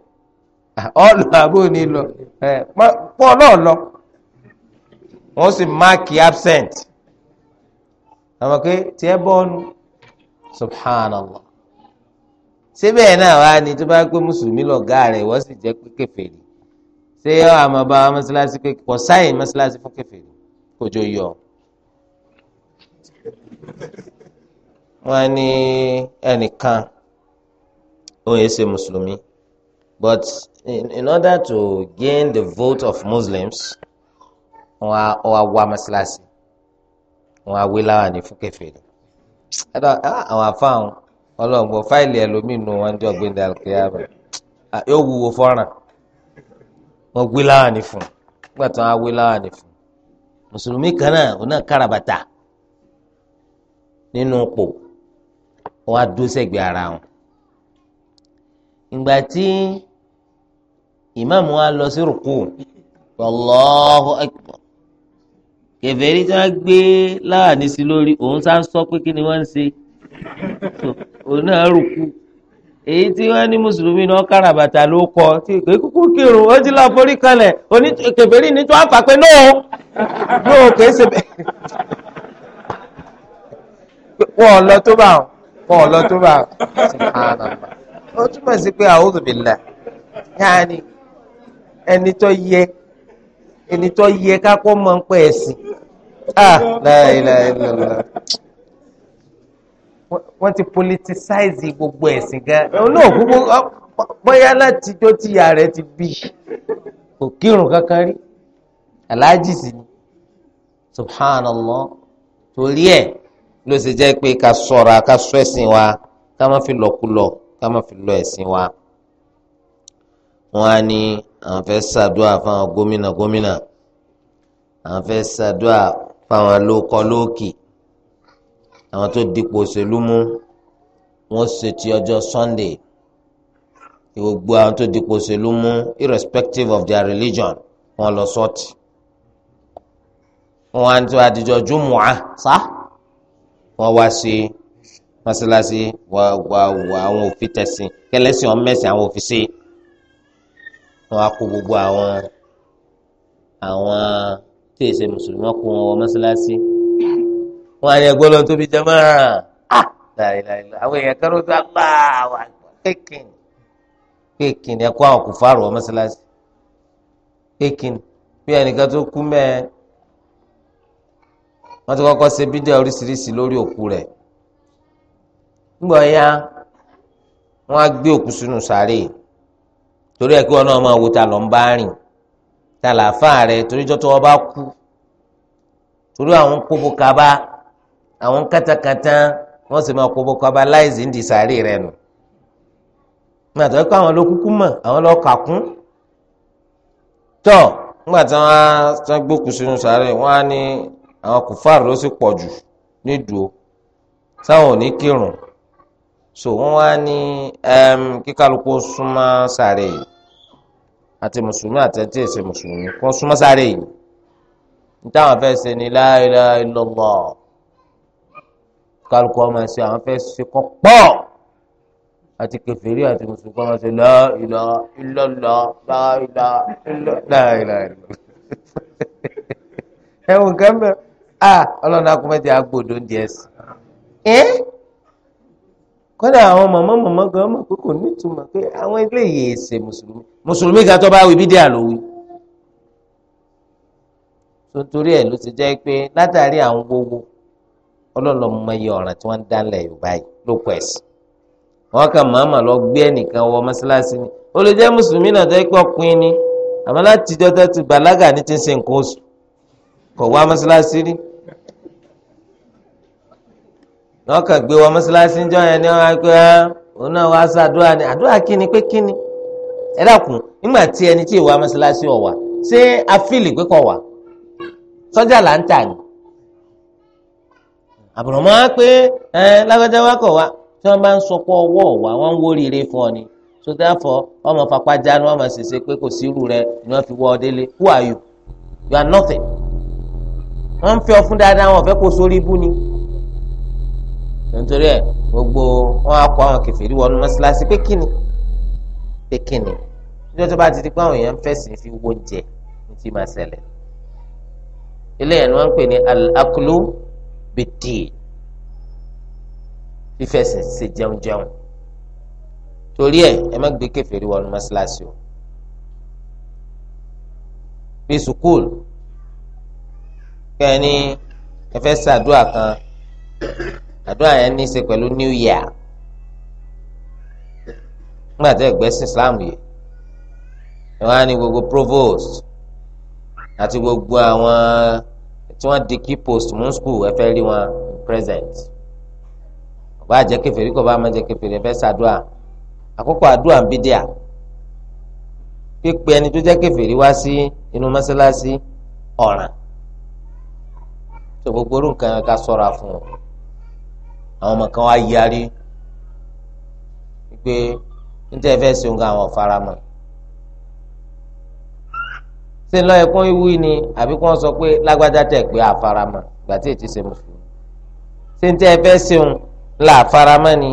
ọlù àbò ní lọ ẹ pọ́ náà lọ wọ́n sì máàkì absent àmọ́ pé tiẹ̀ bọ́ọ̀nù subhanallah síbẹ̀ náà wá ní tó bá pé mùsùlùmí lọ̀gá rẹ̀ wọ́n sì jẹ́ pé kèfèrí ṣé ọ àmọ́ wa mọ́ṣáláṣí pé kò sáyìn mọ́ṣáláṣí fún kèfèrí kò yọ. wọ́n ní ẹnìkan ó yẹ ṣe mùsùlùmí but in, in order to gain the vote of Muslims wọ́n á wá mọ́ṣáláṣí wọn awé láwà ní fún kèfèrí ah, àwọn afáwọn ọlọ́gbọ̀n fáìlì ẹlòmíín wọn jọ gbé dàlùkì ah, yóò wúwo fọ́ràn wọn gbé láwà ní fún nígbà tí wọn awé láwà ní fún mùsùlùmí kan náà òun náà kárabàtà nínú pò wọn ara wọn ìgbà tí ìmáàmù wa kẹfẹ́rí tí wọ́n gbé láàánú sí lórí òun sá ń sọ pé kí ni wọ́n ń ṣe òun náà rùkú èyí tí wọ́n ní mùsùlùmí náà kárabàtà ló kọ tí kúkú kírun ó ti lọ́ọ́ forí kalẹ̀ ní tí wọ́n fà pé nóò nóò kìí ṣe bẹ́ẹ̀ wọ́n lọ tó bá wọn lọ tó bá wọn ó túmọ̀ sí pé yáà ni ẹni tó yẹ. ẹni tó yẹ ká kó mọ̀ ń pẹ́ ẹ̀sìn ah láìláì lọ́la wọ́n ti politicize gbogbo ẹ̀sìn gan náà gbogbo bóyá láti tó tí ìyá rẹ̀ ti bí kò kírun kankan rí aláàjì sì ni subhanallah torí ẹ̀ ló ṣe jẹ́ pé ká ṣọ́ra ká ṣọ́ ẹ̀sìn wa ká má fi lọ́kùlọ̀ ká má fi lọ ẹ̀sìn wa wọn á ní àwọn fẹ́ ṣàdúrà fáwọn gómìnà gómìnà àwọn fẹ́ ṣàdúrà fáwọn lóòkọ́ lóòkì àwọn tó dipò òṣèlú mú wọn ṣe ti ọjọ́ Sunday gbogbo àwọn tó dipò òṣèlú mú irrespective of their religion wọn lọ sọ́ọ̀tì wọn á tó adijọ́ júmùá sá wọn wá sí mọ́ṣáláṣí wà wà wà àwọn òfin tẹ̀sìn kẹlẹ́sìn ọ̀mẹ́sìn àwọn òfin sí i wọn á kó gbogbo àwọn àwọn tí èsè mùsùlùmí wọn kó wọn wọ mọ́sálásí wọn á ní ẹgbẹ́ lọ tóbi jẹ́ máa ah! àwọn èèyàn kan ló dá bá àwọn kékin kékin ẹ kó àwọn kò fárò wọ mọ́sálásí kékin bí ẹnìkan tó kú mẹ́ẹ̀ wọ́n ti kọ́kọ́ ṣe bídíò oríṣiríṣi lórí òkú rẹ̀ nígbà yá wọ́n á gbé òkú sínú sàárè yìí torí ẹ kí wọn náà máa wo ta lọ ń bá rìn ta làáfàá rẹ torí jọ tó wọn bá kú torí àwọn kóbó kaba àwọn kátàkátà wọn sì máa kóbó kaba láìsí ń di sàárè rẹ nù gbàtọ́ kó àwọn ló kúkú mọ̀ àwọn ló kà kún tọ́ nígbà tí á gbókùn sínú sàárè wọ́n á ní àwọn kùfàrù ló sì pọ̀ jù nídùú sáwọn ò ní kírun so wọn wá ní kíkálukú súnmọ́ sáré yìí àti mùsùlùmí àti ẹtí ẹsẹ mùsùlùmí kó súnmọ́ sáré yìí nítawọn fẹẹ ṣe ni la ilaha illallah kálukú ọmọ ẹsẹ àwọn fẹẹ ṣe kọ pọ àti kèfèrí àti mùsùlùmí ọmọ ẹsẹ la ilaha illallah la ilaha illallah la ilaha illallah ẹwọn kẹmẹ a ọlọ́run akọmọdé agbódò ń di ẹsẹ kọ́dà àwọn màmá màmá gan mọ̀ pé kò nítumọ̀ pé àwọn ilé yìí ṣe mùsùlùmí mùsùlùmí ga tó bá wí bídíà ló wí. nítorí ẹ̀ ló ti jẹ́ pé látàrí àwọn gbogbo ọlọ́lọ́ mọ iye ọ̀ràn tí wọ́n ń dánlẹ̀ yorùbá yìí ló pọ̀ ẹ̀sìn. wọ́n kàn màmá lọ gbé ẹnìkan wọ mọ́ṣáláṣí ni ó lè jẹ́ mùsùlùmí náà jẹ́ pé ọkùnrin ni àmọ́ láti jọ́jọ́ ti bàlágà ní ti ń ṣe nǹkan oṣù kọ̀ wá mọ́ṣáláṣí rí wọn kàn gbé wọn mọ́ṣáláṣí ń jọ yẹn ní wọn pé òun náà wàá ṣàdúrà ni àdúrà kíni pé kíni ẹ dákun nígbà tí ẹni tí ìwà mọ́ṣáláṣí ọ̀wà ṣé afíìlì pé kọ̀ wà sọ́jà là ń tà ní. àbùrọ̀mọ́ á pé ẹ lágbájá wa kọ̀ wá tí wọ́n bá ń sọ pé ọwọ́ ọ̀wà wọ́n ń wó rire fún ọ ni so therefore ọmọ fapá jánu ọmọ ṣèṣe pé kò sí irú rẹ ni wọ́n fi wọ́ ọ délé who are you you are nothing wọ́n ń fẹ́ ọ fún dáadáa wọn fẹ́ kó sórí ibú ni nítorí ẹ gbogbo wọn á kó àwọn kèfèrí wọnú mọ́ṣáláṣí pé kíni pé kíni níjọ́ tó bá ti di pé àwọn èèyàn ń fẹ̀sìn fi wó jẹ ní ti máa ṣẹlẹ̀ eléyàn ni wọ́n ń pè ní al-aklu bid-din fífẹ̀sìn ṣe jẹun jẹun torí ẹ ẹ má gbé kèfèrí wọnú mọ́ṣáláṣí o bí sukùl kẹ́ni ẹ fẹ́ ṣàdúrà kan àdúrà yẹn ní í ṣe pẹ̀lú new year nígbà tí ẹgbẹ́sìn islam yìí wọ́n á ní gbogbo provost àti gbogbo àwọn tí wọ́n di key post mú school ẹ fẹ́ rí wọn present ọba àjẹ kẹfẹ́rí kọ́ bá má jẹ kẹfẹ́rí ẹ fẹ́ ṣàdúrà àkókò àdúrà ń bí díà pípẹ́ ẹni tó jẹ́ kẹfẹ́rí wá sí inú mọ́sálásí ọ̀ràn tó gbogbo orúkọ yẹn ká sọ́ra fún àwọn ọmọ kan wá yarí pé níta ẹ fẹ́ ṣe nǹkan àwọn ọ̀fara mọ́ ṣé ńlọ ẹ̀kún ìwú ni àbí kí wọ́n sọ pé lágbájá tẹ̀ pé àfara mọ́ ìgbà tí ètí ṣe mùsùlùmí ṣé níta ẹ fẹ́ ṣeun ńlá àfara mọ́ ni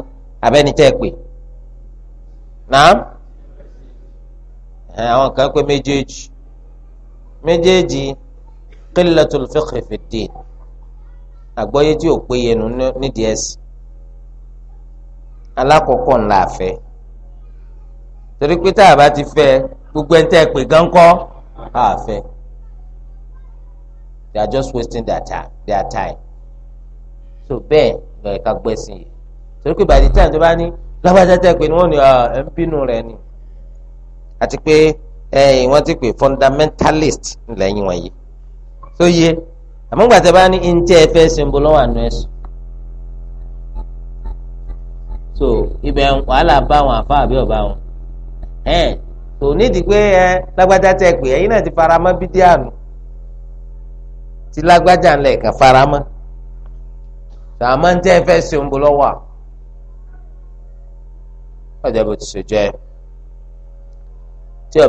abẹ́ni tẹ̀ pé náà àwọn kan pé méjèèjì méjèèjì qillatul fiqh fi ddin àgbọ́yé tí ò péye nu nídìí ẹ̀sìn alákọ̀ọ́kọ́ ńlá àfẹ́ torí pé tá a bá ti fẹ́ gbogbo ẹni tẹ́ ẹ àfẹ́ they are just wasting their time their time so bẹ́ẹ̀ lọ́ọ́ ẹ̀ka gbẹ́sìn yìí torí pé bàtí táyà tó bá ní lọ́bàjá tẹ́ pé ni wọ́n ní ah, ẹ̀ bínú rẹ̀ ni àti pé wọ́n ti pè fundamentalist lẹ́yìn wọ̀nyí tó yẹ. So, yeah àmọ́ gbàtẹ́ bá ní ntẹ́ ẹ fẹ́ ṣe lọ́wọ́ àánú ẹ̀sùn so ibẹ̀ wàhálà bá wọn àfa àbí ọ̀bá wọn tò nídìí pé ẹ lágbájá tẹ pé ẹ̀yin náà ti ti lágbájá ńlẹ̀ fara mọ́ ntẹ́ ẹ fẹ́ lọ́wọ́ à bó ti tí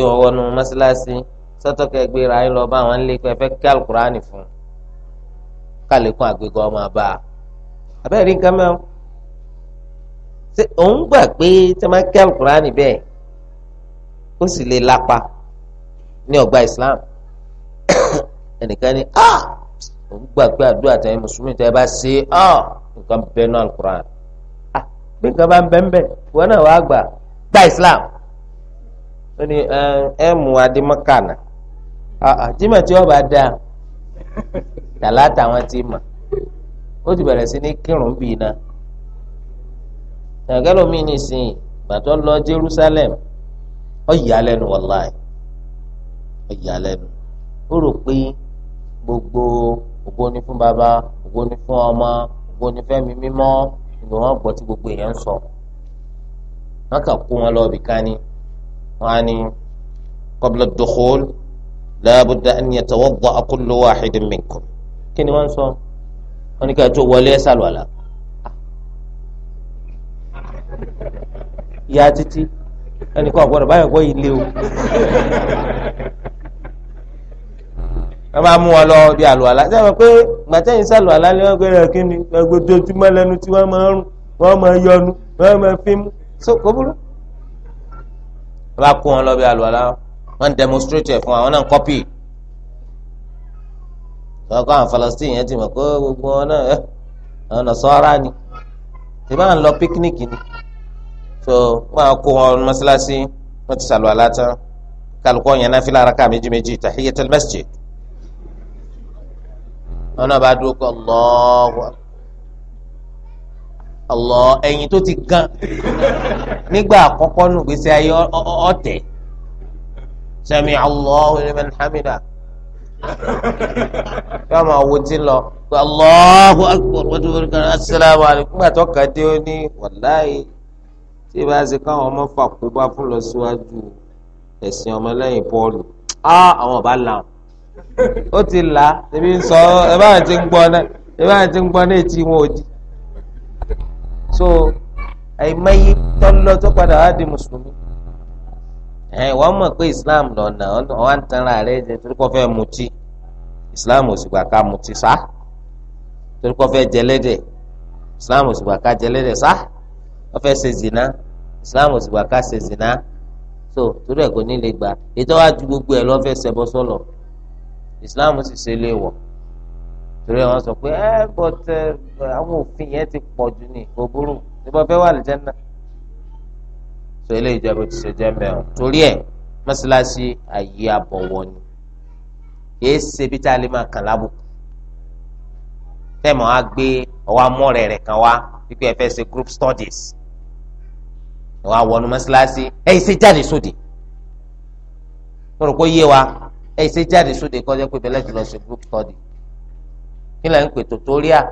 ọba wa sọtọkẹ gbéra yín lọ bá àwọn ilé pé fẹ́ kí alukurani fún kálíkùn àgbégbá ọmọ bá a abẹ́rẹ́ rí nǹkan mẹ́wọ́n ṣé òun gbà pé tí wọ́n kí alukurani bẹ́ẹ̀ ó sì lè lápa ní ọgbà Islam ẹnìkan ni ah òun gbà pé àdúrà tẹ̀yìn mùsùlùmí tẹ̀ bá ṣe ah nǹkan bẹ́ẹ̀ náà alukurani ah bí nǹkan bá ń bẹ́ẹ̀ bẹ́ẹ̀ wọn náà wàá gbà gba Islam ó ní ẹ mú adé mọ́kànà jimá ah, ah, tí wọ́n bá dá tàlátà wọn ti mọ̀ ó ti bẹ̀rẹ̀ sí ní kírun bì iná tàgẹ́lómi nìsín gbàtọ́ lọ Jerusalem ó yà lẹ́nu wàláì ó lẹ́nu ó rò pé gbogbo ògo ni fún baba ògo ni fún ọmọ ògo ni fẹ́mi mímọ́ ìgbà wọn gbọ́ tí gbogbo èèyàn ń sọ wọn kà kó wọn lọ bìkan ni wọn á ní qabla ad láàbùdá an yatawadda'a kullu wahidin minkum. kí ni wọ́n sọ wọ́n ní ká tó wọlé ẹ̀ sàlùwàlà. ìyá títí ẹnìkan ọ̀gbọ́dọ̀ báyọ̀ gbọ́ ilé o. wọ́n bá mú wọn lọ bí àlùwàlà sẹ́wọ̀n pé gbàtẹ́yìn sàlùwàlà ni wọ́n gbẹ́rẹ́ kí ni gbogbo lẹ́nu tí wọ́n máa ń rùn wọ́n máa yọnu wọ́n máa fímú. so kò burú. wọ́n bá kó wọn lọ bí àlùwàlà wọn wọ́n demonstrate ẹ̀ fún àwọn náà kọ́pì lọ́kọ́ àwọn Palestine yẹn ti mọ̀ pé gbogbo wọn náà ẹ̀ àwọn Nasara ni tí bá ń lọ picnic ni so wọ́n á kó wọn mọ́ṣáláṣí wọ́n ti sàlùwà látàn kálukọ́ yẹn náà fi lára ká méjì méjì tahiyatul masjid wọn náà bá dúró kọ́ lọ́wọ́ ọlọ ẹyin tó ti gan nígbà àkọ́kọ́ nù gbèsè ayé ọ̀tẹ̀ sami'a Allahu liman hamida yóò máa wo tí lọ pé Allahu akbar wọ́n ti wọ́n kan asalaamu alaykum gbàtọ́ kàdé ó ní wàláyé tí bá ṣe káwọn ọmọ fàkóbá fún lọ síwájú ẹ̀sìn ọmọlẹ́yìn Pọ́ọ̀lù á àwọn ọba làwọn ó ti là ebi ń sọ ẹ bá ti ń gbọ́ náà ẹ bá ti ń gbọ́ náà etí wọn ò di so àìmọye tọ́lọ́ tó padà wá di mùsùlùmí ẹ wọ́n mọ̀ pé islam lọ́nà ọ̀wá ń tanra rẹ̀ jẹ torí kò fẹ́ mutí islam ò sì gbà ká mutí sá torí kò fẹ́ jẹlẹ́dẹ̀ islam ò sì gbà ká jẹlẹ́dẹ̀ sá wọ́n fẹ́ ṣe zina islam ò sì gbà ká ṣe zina so torí ẹ̀ kò ní lè gbà ètò wa ju gbogbo ẹ̀ lọ́ fẹ́ ṣẹbọ sọ́lọ̀ islam sì ṣe lè wọ̀ torí ẹ̀ wọ́n sọ pé ẹ́ bọ́tẹ́ eh, àwọn òfin yẹn ti pọ̀ jù ní kò burú níbo fẹ́ wà lìjẹ́ náà sọ eléyìí jẹ́ bó ti ṣe jẹ́ mẹ́ọ̀ torí ẹ̀ mọ́ṣáláṣí àyè àbọ̀wọ̀ ni kìí ṣe bí tá a lè máa kàn lábùkù tẹ́mọ̀ á gbé ọwọ́ amọ́rẹ̀ rẹ̀ kan wá wípé fẹ́ ṣe group studies ìwà wọnú mọ́ṣáláṣí ẹ̀ ṣe jáde sóde mo rò pé yé wa ẹ̀ ṣe jáde sóde kọjá pé bẹ́lẹ̀ ti lọ ṣe group study kí lẹ́yìn pé tutorial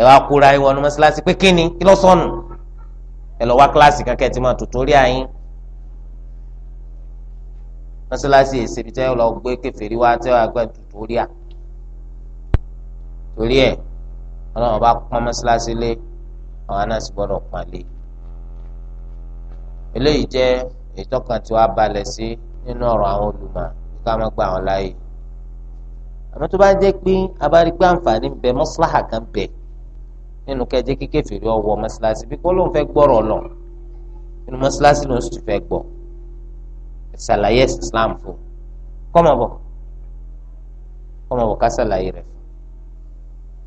ẹ̀ wá kóra ẹ̀ wọnú mọ́ṣáláṣí pé kíni kí ló sọnù ẹ lọ wá kíláàsì kankan tí mo tutorial yín mọ́sálásí èsè bíi tẹ́ lọ gbé kẹfẹ́rí wá tẹ́ wá gbé tutorial torí ẹ̀ ọlọ́run bá pọ́n mọ́sálásí lé àwọn náà sì gbọ́dọ̀ pọ́n lé eléyìí jẹ́ ètò kan tí wàá balẹ̀ sí nínú ọ̀rọ̀ àwọn olùmọ̀ ká má gbà wọn láàyè àmọ́ tó bá jẹ́ pé abárígbá àǹfààní ń mọ́sálásí kan bẹ̀ nínú kẹjẹ kékeré ọwọ mọ́ṣáláṣí bí kò lóun fẹ́ gbọ́rọ̀ lọ nínú mọ́ṣáláṣí ló ń sì fẹ́ gbọ́ ṣàlàyé islam fún kọ́mọ bọ̀ kọ́mọ bọ̀ ká ṣàlàyé rẹ̀ fún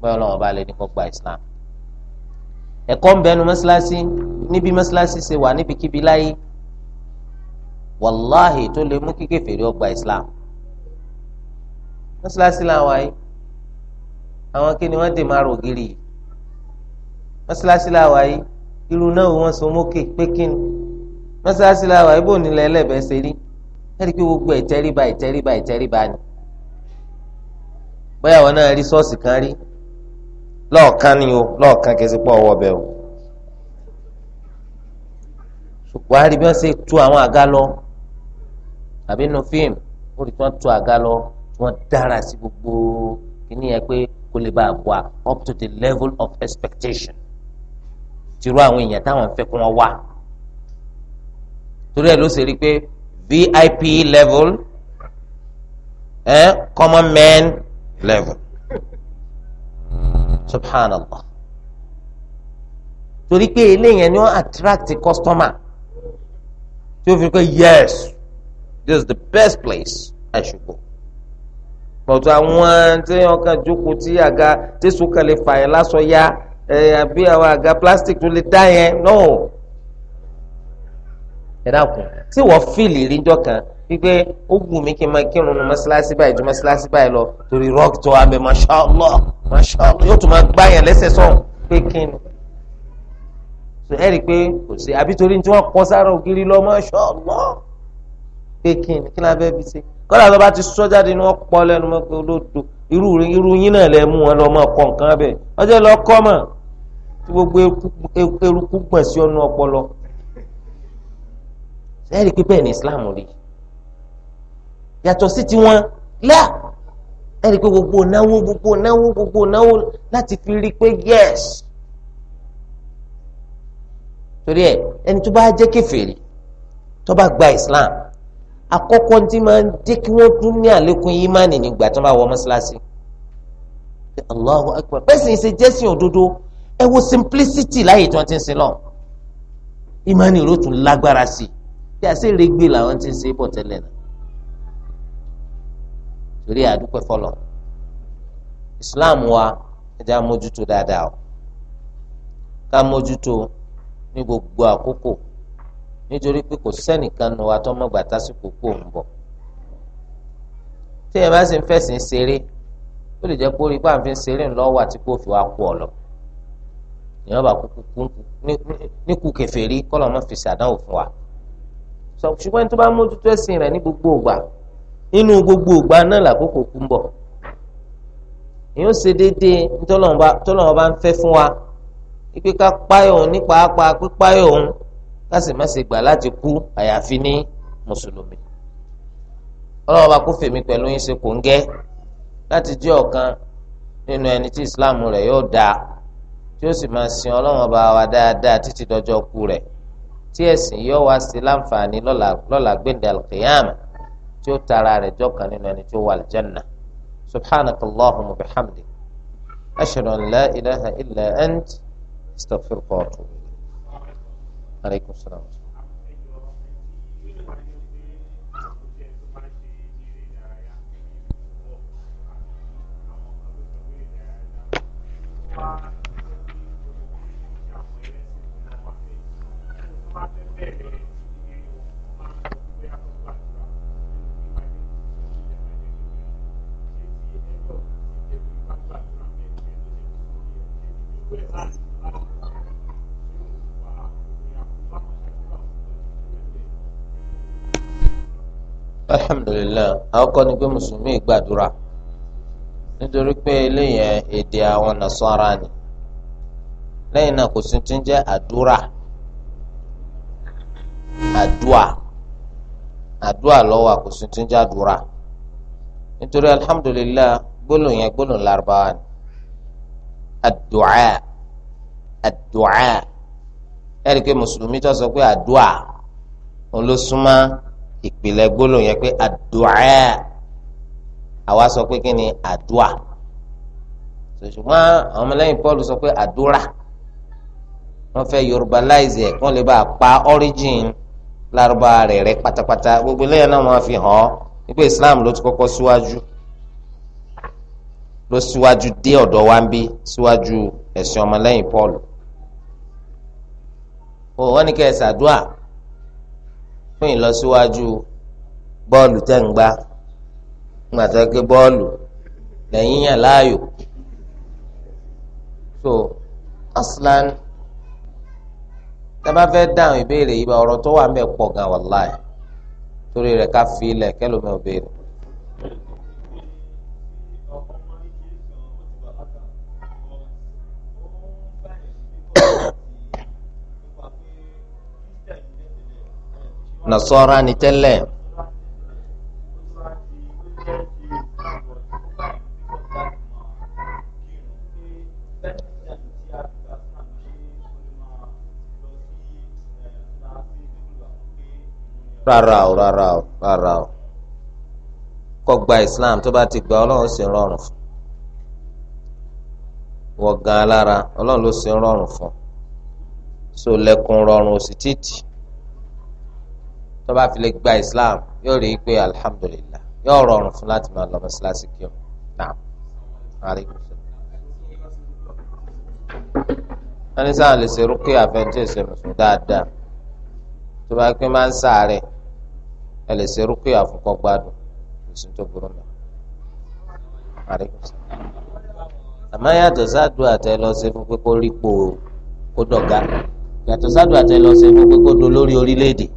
báyọ̀ lọ́wọ́ bá lè ní kó gba islam ẹ̀kọ́ ń bẹnu mọ́ṣáláṣí níbi mọ́ṣáláṣí ṣe wà níbikíbi láyé wàláhì tó lè mú kékeré ọgbà islam mọ́ṣáláṣí làwọn ayé àwọn kí ni wọ́n dè máa rò yìí mọ́sálásí làwà yìí irú náà wọ́n so mókè pé kíni mọ́sálásí làwà yìí bò nílẹ̀ ẹlẹ́bẹ̀ẹ́ ṣe rí ẹ̀rí pé gbogbo ìtẹríba ìtẹríba ìtẹríba ni bóyá wọn náà rí ṣọ́ọ̀ṣì kan rí lọ́ọ̀kan ni o lọ́ọ̀kan kì í sì pọ̀ ọwọ́ bẹ́ẹ̀ o wàá rí bí wọ́n ṣe tú àwọn àga lọ àbí nu fíìmù ó rí tí wọ́n tú àga lọ tí wọ́n dára sí gbogbo kìíní yẹn pé kó lè bá a wà up to the level of expectation tirú àwọn èèyàn táwọn fẹ́ kó wọn wá torí ẹ̀ ló ṣe rí pé vip level eh, common man level subhanallah torí pé eléyẹn ni wọ́n attract customer tí ó fi pé yes this is the best place I should go pọ̀tù àwọn tí wọ́n kàn jókòó tí àga tí sùkàlẹ̀ fàyẹ̀ lásọ yá ẹ eh, àbí àwọn àga plastic tó lè dá yẹn no ẹ dákun tí wọ́n fìlì ríjọ́ kan wípé ó wù mí kí n máa kírun nu mọ́ṣáláṣí báyìí ju mọ́ṣáláṣí báyìí lọ torí rock tó wà bẹ́ẹ̀ masha allah masha allah yóò tún máa gbá yẹn lẹ́sẹ̀ sọ̀hún pé kí ni so ẹ rí i pé kò sí àbí torí tí wọ́n kọ́ sára ògiri lọ masha allah pé kí ni kí ni abẹ́ bí ṣe kọ́lá tó ti sọ jáde ni wọ́n pọ́ lẹ́nu mọ́ pé olódo irú yín náà lẹ́ mú wọn lọ́ mọ́ kọ̀ọ̀kan bẹ́ẹ̀ ọjọ́ lọ kọ́ mọ́ tí gbogbo eruku gbọ̀n sí ọ̀nà ọpọlọ ẹ̀rí pé bẹ́ẹ̀ ni Islam rí yàtọ̀ sí tiwọn lá ẹ̀rí pé gbogbo náwó gbogbo náwó gbogbo náwó láti fi rí pé yes torí ẹ ẹni tó bá jẹ́ kèfèrí tó bá gba Islam àkọ́kọ́ tí máa ń dé kí wọ́n tún ní àlékún ìmánì nígbà tó bá wọ mọ́ṣáláṣí Allahu Akbar bẹ́ẹ̀ sì ń ṣe jẹ́sìn òdodo ẹ wo simplicity láyè tí wọ́n ti ń sin lọ ìmánì ró tún lágbára sí i bí a ṣe lè gbé làwọn ti ń ṣe bọ̀ tẹ́lẹ̀ náà torí àdúpẹ́ fọlọ́ Islam wa ẹja mójútó dáadáa o ká mójútó ní gbogbo àkókò nítorí pé kò sẹ́nìkan nu wa tó mọ̀gbà tásìkò kó ń bọ̀ tí ẹ bá sì ń fẹ̀sìn ṣeré ó lè jẹ́ pé orí pàǹfin ṣeré ńlọ́wọ́ àti kó fi wá kú lọ ìyẹn bá kúkú kúkú ní kú kèfèrí kọ́lọ̀ má fi ṣàdánwò fún wa. ṣùgbọ́n tó bá mójútó ẹ̀sìn rẹ̀ ní gbogbo ògbà nínú gbogbo ògbà náà làkókò kú ń bọ̀. ìyẹn ṣe déédéé tọ́lọ́wọ́n bá ń fẹ́ fún wa ipe ká páyọ̀ òun ní pàápàá pípáyọ̀ òun ká sì má ṣe gbà láti kú àyàfi ní mùsùlùmí. ọlọ́wọ́n bá kó fèmí pẹ̀lú yín ṣe kò ń gẹ́ láti jẹ́ ọ̀kan nínú ẹni tí ìsìláàmù rẹ̀ yóò dáa tí ó sì máa sin ọlọ́run ọba wa dáadáa títí dọjọ́ kú rẹ̀ tí ẹ̀sìn yóò wá sí láǹfààní lọ́la gbẹ̀ndẹ̀ alqiyama tí ó tara rẹ̀ jọ́kan nínú ẹni tí ó wà aljanna subhanaka allahumma bihamdi ashhadu an la ilaha illa ant astaghfiruka wa aleykum salaam. Thank you. alhamdulilayi àkọ́kọ́ ni Musulmi mùsùlùmí gbàdúrà nítorí pe eléyẹn ede àwọn nasara ni lẹ́yìn náà kò sí ti ń àdúrà Adua, adua lọ́wọ́ àkóso tó ń jàdúrà nítorí alhamdulilayi gbólóhùn yẹn gbólóhùn lárúbáwá ni àdúà àdúà ẹ̀rí pé mùsùlùmí tó sọ pé àdúà òun ló súnmọ́ ìpìlẹ̀ gbólóhùn yẹn pé àdúà àwa sọ pé kí ni àdúà ṣùgbọ́n àwọn ọmọlẹ́yìn Paul sọ pé àdúrà wọ́n fẹ́ yorùbá láìsí kí wọ́n lè bá a pa origin. lárúbá rẹ̀ rẹ̀ pátápátá gbogbo ilé náà fi hàn án islam ló ti kọ́kọ́ síwájú ló síwájú dé ọ̀dọ̀ wa ń bí síwájú paul o wọ́n ní kẹ́ lo fún ìlọsíwájú bọ́ọ̀lù tẹ̀ ń gbá gbàtẹ́kẹ́ bọ́ọ̀lù lẹ́yìn so aslan. tẹ́bá fẹ́ dáhùn ìbéèrè yìí ọ̀rọ̀ tó wà mẹ́ pọ̀ gan wàláì torí ká fi ò béèrè. ni rárá o rárá o rárá o kó gba islam tó bá ti gba ọlọ́run sì rọrùn fún wọ́n gan alára ọlọ́run ló sì rọrùn fún so lẹ́kùn rọrùn ó sì títì tó bá fi lè gba islam yóò rí i pé alhamdulillah yóò rọrùn fún láti máa lọ mọ́sálásí kí o naam aleykum wọ́n sáà lè ṣe rúkìá fẹ́ntì ìṣẹ̀mùsùn dáadáa tó bá pín máa ń sáré ẹ lè ṣe rúkìá fún kọ́ gbádùn lóṣù tó burú mọ́. àmọ́ yàtọ̀ sádùn àtẹ lọ sí fún pípọ́ rípo kó dọ̀gá yàtọ̀ sádùn àtẹ lọ sí fún pípọ́ do lórí orílẹ̀-èdè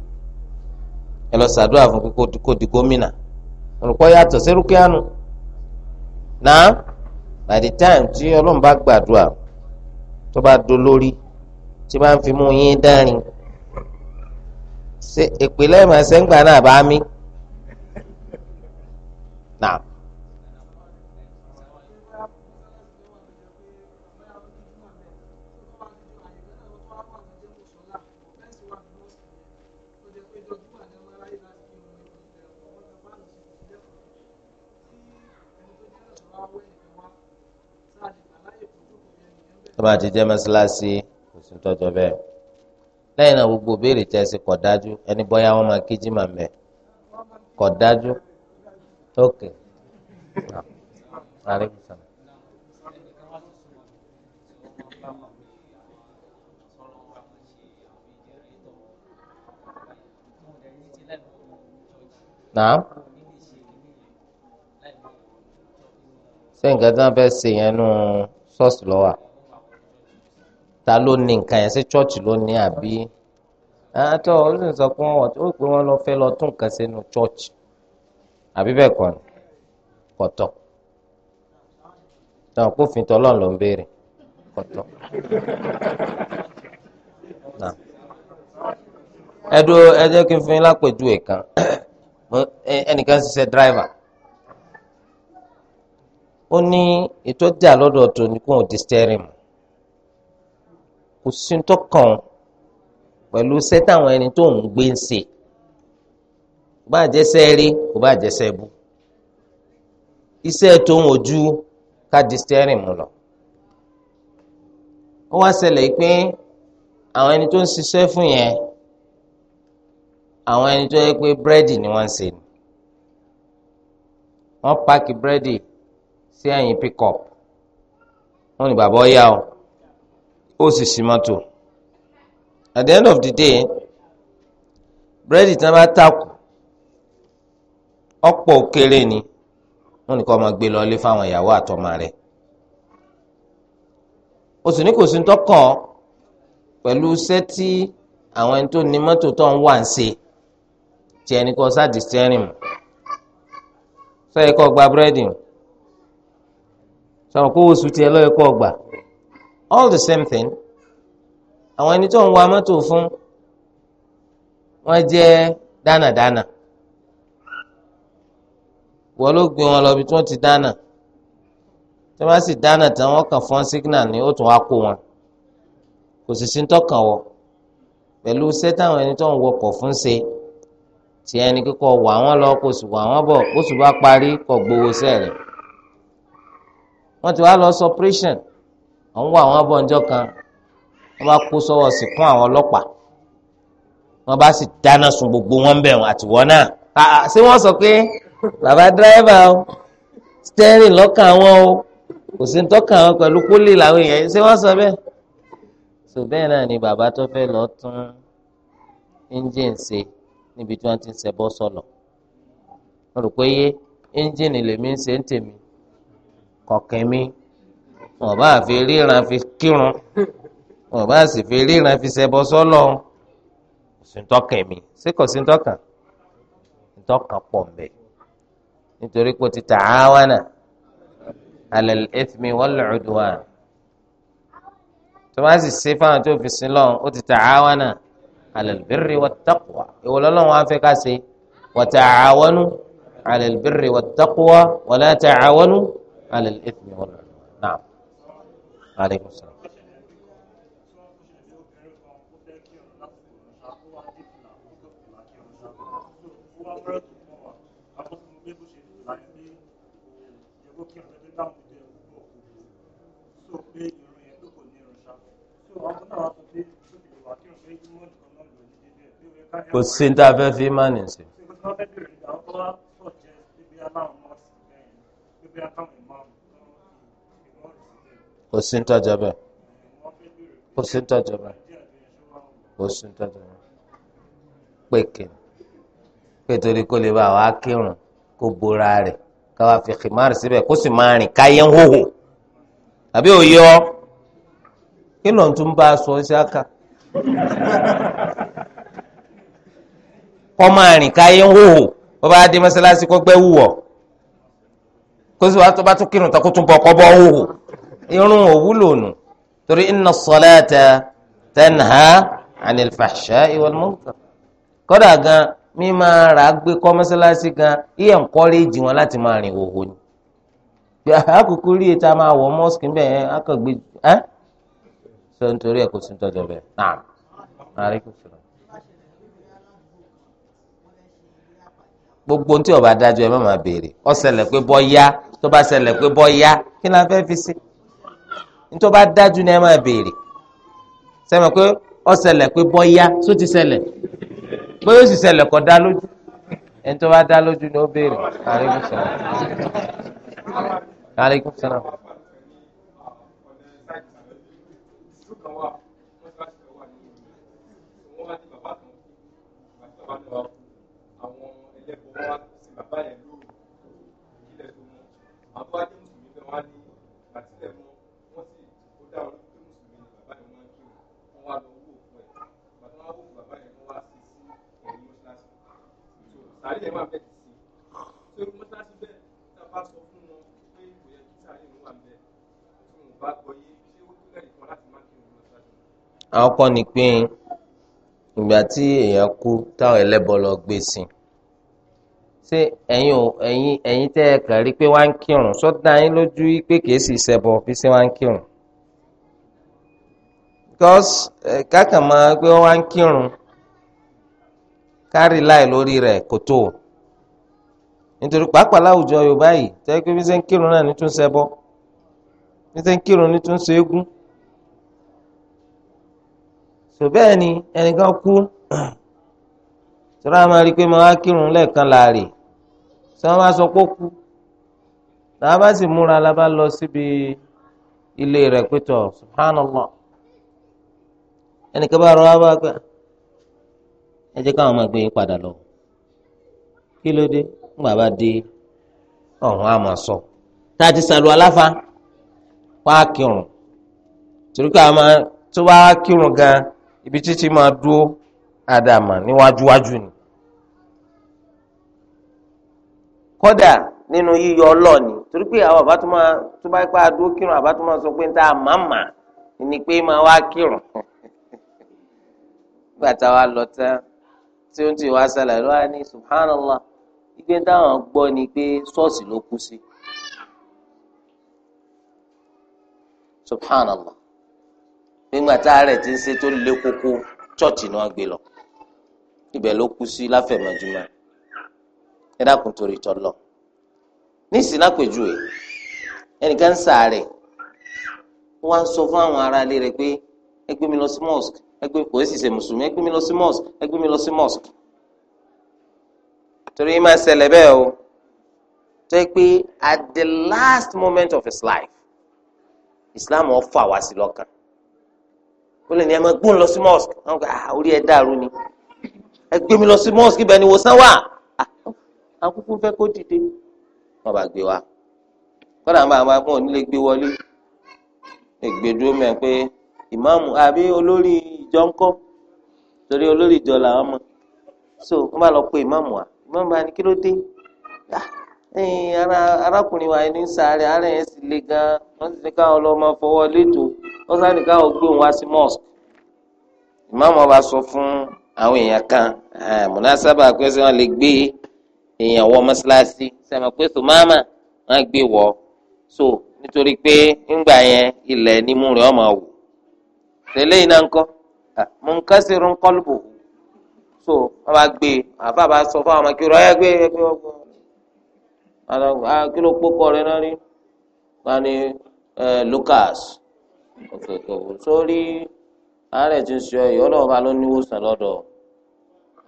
ẹ sàdúrà fún pípọ́ kó di gómìnà olùkọ́ yàtọ̀ sí rúkìá nù. náà by the time tí ọlọ́run bá gbàdúrà tó bá do lórí tí bá ń fi mú yín dárin ṣe ìpìlẹ̀ ìmọ̀ ẹsẹ̀ ń gbà náà bá mi. Now. tó jẹ́ mọ́sálásí kò sí tọ́jọ́ bẹ́ẹ̀ lẹ́yìn náà gbogbo béèrè tẹ́ ẹ sí kọ̀ dájú ẹni bọ́yá wọn máa kéjì máa mẹ́ kọ̀ dájú ókè. Naam. Ṣé nǹkan tí wọ́n nù sọ́ọ̀sì lọ́wọ́? ta ló ní nǹkan yẹn sí chọ́ọ̀chì ló ní àbí àtọ́ ah, ó sì sọ pé wọ́n ó pé wọ́n lọ fẹ́ lọ tún nǹkan sínú chọ́ọ̀chì àbí bẹ́ẹ̀ kọ́ ni kọ̀tọ̀ náà kófin tọ́lọ́run ló ń béèrè kọ̀tọ̀ ẹ dúró ẹ jẹ́ kí n fún yín lápèjúwe kan ẹnìkan ṣiṣẹ́ dráìvà ó ní ètò jà lọ́dọ̀ tó ní kóun di stẹ́rìn kò sí tó kàn án pẹ̀lú iṣẹ́ táwọn ẹni tó ń gbé ń ṣe kò bá jẹ́sẹ́ rí kò bá jẹ́sẹ́ bú iṣẹ́ tó ń ojú ká mu lọ. ó wá ṣẹlẹ̀ pé àwọn ẹni tó ń ṣiṣẹ́ fún yẹn àwọn ẹni tó yẹ pé búrẹ́dì ni wọ́n ń ṣe ni wọ́n páàkì búrẹ́dì sí ẹ̀yìn pickup wọ́n ní bàbá ọ̀yá o ó sì sí mọ́tò at the end of the day búrẹ́dì tí wọ́n bá tàkù ọ̀pọ̀ kéré ni wọ́n ní kó máa gbé lọlé fáwọn ìyàwó àtọmọ rẹ̀ o sì ní kò sí tọkàn pẹ̀lú iṣẹ́ tí àwọn ẹni tó ní mọ́tò tó ń wà ń ṣe tí ẹni kan sáà di steering sọ yẹ kó gba búrẹ́dì sọ̀rọ̀ kó oṣù tiẹ̀ lọ́yẹ kó gbà all the same thing àwọn ẹni tó ń wa mọ́tò fún wọ́n jẹ́ dánàdánà wọ́n ló gbé wọn lọ bí tí wọ́n ti dánà tí wọ́n bá sì dánà tán wọ́n kàn fọ́n signal ni ó tún wá kó wọn kò sì sí ń tọkàn wọ pẹ̀lú iṣẹ́ táwọn ẹni tó ń wọkọ̀ fún ṣe tí ẹni kíkọ wà wọ́n lọ kó sì wà wọ́n bọ̀ kó sì bá parí kọ̀ gbowó sẹ́ẹ̀ rẹ̀ wọ́n ti wá lọ sọ operation. So àwọn wọ àwọn abọ́njọ́ kan wọ́n bá kó sọ́wọ́ sí fún àwọn ọlọ́pàá wọ́n bá sì dáná sun gbogbo wọn bẹ̀ wọn àtiwọ́ náà ṣé wọ́n sọ pé bàbá dírẹ́fà o stẹ́rìn lọ́kàn wọn o kò sí tọ́kàn wọn pẹ̀lú pólì làwọn èèyàn ṣé wọ́n sọ bẹ́ẹ̀ tó bẹ́ẹ̀ náà ni bàbá tó fẹ́ lọ tún engine ṣe níbi tí wọ́n ti ń ṣẹbọ́ sọ̀lọ̀ wọ́n rò pé yé engine lèmi ń ṣe ń tèmi kọ̀kẹ́ wọn bá fi ríran fi kírun wọn bá sì fi ríran fi ṣẹbọ sọlọ síntọkàn mi ṣé kò síntọkàn síntọkàn pọ̀ mbẹ nítorí pé ti tààwánà alal ithmi wal udwan tó bá sì ṣe fáwọn tó fi sin lọ́wọ́ ó ti tààwánà alal birri wat taqwa ìwọ lọ́lọ́wọ́ á fẹ́ ká ṣe wa ta'awanu alal birri wat taqwa wa la ta'awanu alal ithmi wal udwan. وعليكم السلام kò sí ní tá fi máa nìsín kò sí ń tọ́jọ bẹ́ẹ̀ kò sí ń tọ́jọ bẹ́ẹ̀ kò sí ń tọ́jọ bẹ́ẹ̀ pèkè pé torí kó lè bá wa kírun kó bora rẹ̀ káwa fi khimar síbẹ̀ kó sì máa rìn káyé ń hòhò àbí òye ọ kí ló tún bá a sọ iṣẹ́ aka kọ́ máa rìn káyé ń hòhò wọ́n bá dé mọ́sálásí kó gbẹ́ wúwọ̀ kó sì wá tó bá tún kírun tó kó tún bọ̀ kọ́ bọ́ hòhò. irun òwúlò nù torí inna salata tanha anil fahsha'i wal gan mi máa rà gbé gan iye encourage wọn láti máa rìn òwò ni àkókò rí ètò àmà àwọ̀ mọ́sìkì bẹ́ẹ̀ akọ̀gbé ẹ́ sọ nítorí ẹ̀ kò sí gbogbo ntí ọba adájọ́ ẹ má máa béèrè ó ṣẹlẹ̀ pé bọ́ yá tó bá ṣẹlẹ̀ pé bọ́ yá kí ni a nítorí bá dájú ni ẹ máa béèrè sẹ́mi pé ọ̀sẹ̀lẹ̀ pé bọ́yá só ti ṣẹlẹ̀ bóyá ó sì ṣẹlẹ̀ kọ́ dá lójú ẹni tó bá dá lójú ni ó béèrè. Alaikum salaam. Alaikum salaam. sàárì ẹ̀ wà bẹ́ẹ̀ a bá sọ fún wọn pé kò yẹ kí sàárì ẹ̀ wà bẹ́ẹ̀ tí wọn bá gbọ́ yé ṣé ó tó lẹ́yìn kan láti má kí wọn mọ́ṣáláṣí. àkọ́kọ́ ni pé ìgbà tí èèyàn kú táwọn ẹlẹ́bọ lọ gbé sí i ṣé ẹ̀yin ò ẹ̀yin ẹ̀yin tẹ́ ẹ kàn pé wá ń kírun sọ́dá yín lójú pé kìí sì ṣẹbọ fi ṣe wá ń kírun because kákàn máa pé wọ́n wá ń kírun kárì láì lórí rẹ̀ kò tó o nítorí pàápàá láwùjọ yorùbá yìí tẹ́ pé bí ṣe ń kírun náà ní tún ṣe bọ́ bí ṣe ń kírun ní tún ṣe égún sọ bẹ́ẹ̀ ni ẹnìkan kú máa rí i pé máa kírun lẹ́ẹ̀kan sọ ma sọ pé ó kú làá bá sì múra la bá lọ síbi ilé rẹ̀ pé tọ̀ subhanallah ẹnìkan bá rọ wá bá gbà. ẹ jẹ́ káwọn máa gbé yín padà lọ kí ló dé ńgbà bá dé ọ̀run àmọ sọ tá a ti sàlù aláfa wá kírun torí ká máa tó bá kírun gan ibi títí máa dúró àdàmà níwájúwájú ni kódà nínú yíyọ ọlọ́ọ̀ni torí pé àwọn àbá tó máa tó bá pa adó kírun àbá tó máa sọ pé ń ta màmá ni pé máa wá kírun gbàtà wa lọ tán. tí ó ń tì wá sálà ló wá subhanallah ìgbé táwọn gbọ́ ni pé ṣọ́ọ̀ṣì ló kú sí subhanallah nígbà tá a rẹ̀ ti ń ṣe tó lé koko chọ́ọ̀chì ni wọ́n gbé lọ ibẹ̀ ló kú sí láfẹ̀mọ́júmọ́ ẹ dákun torí tọ́lọ̀ ní ìsìlápèjúwe ẹnìkan ń sàárẹ̀ wọ́n á sọ fún àwọn aráalé rẹ̀ pé ẹ gbé mi lọ sí mosque ẹgbẹ́ kò sì ṣe mùsùlùmí ẹgbẹ́ mi lọ sí mosque ẹgbẹ́ mi lọ sí mosque torí máa ṣẹlẹ̀ bẹ́ẹ̀ o tó yẹ pé at the last moment of his life Islam ọ̀ fà wá sí lọ́kàn ó lè ní ẹ máa gbóhùn lọ sí mosque àwọn kan ah orí ẹ dàrú ni ẹ gbé mi lọ sí mosque ibẹ̀ ni wòsàn wà àkókò ah, fẹ́ kó dìde wọn bá gbé wa kọ́nà àwọn àwọn akọ́ òní gbé wọlé lè dúró mẹ́ pé ìmáàmù àbí olórí ìjọ ńkọ́ torí olórí ìjọ làwọn mọ̀ so wọ́n bá lọ pe ìmáàmù wa ìmáàmù bá kí ló dé ah, arákùnrin wa sáré ara yẹn sì le gan wọ́n sì ní káwọn ọlọ́mọ fọwọ́ létò wọ́n sáré káwọn gbé òun wá sí mosque ìmáàmù wa sọ fún àwọn èèyàn kan ah, múnásábà pé sọ wọn lè gbé èèyàn wọ mọ́ṣáláṣí sẹ́mi pé sọ máàmà gbé wọ. so nítorí pé ńgbà yẹn ilẹ̀ nímú rẹ̀ ọmọ wò tẹ́lẹ̀ iná ńkọ́ munkasirun qalbuhu so wọn bá gbé àfa bá sọ fún àwọn akérò ẹ gbé ẹ gbé akérò kpókọ rẹ náà rí wọn ni Lucas sórí àárẹ̀ tí ń sọ yìí ọlọ́run bá ló ní ìwòsàn lọ́dọ̀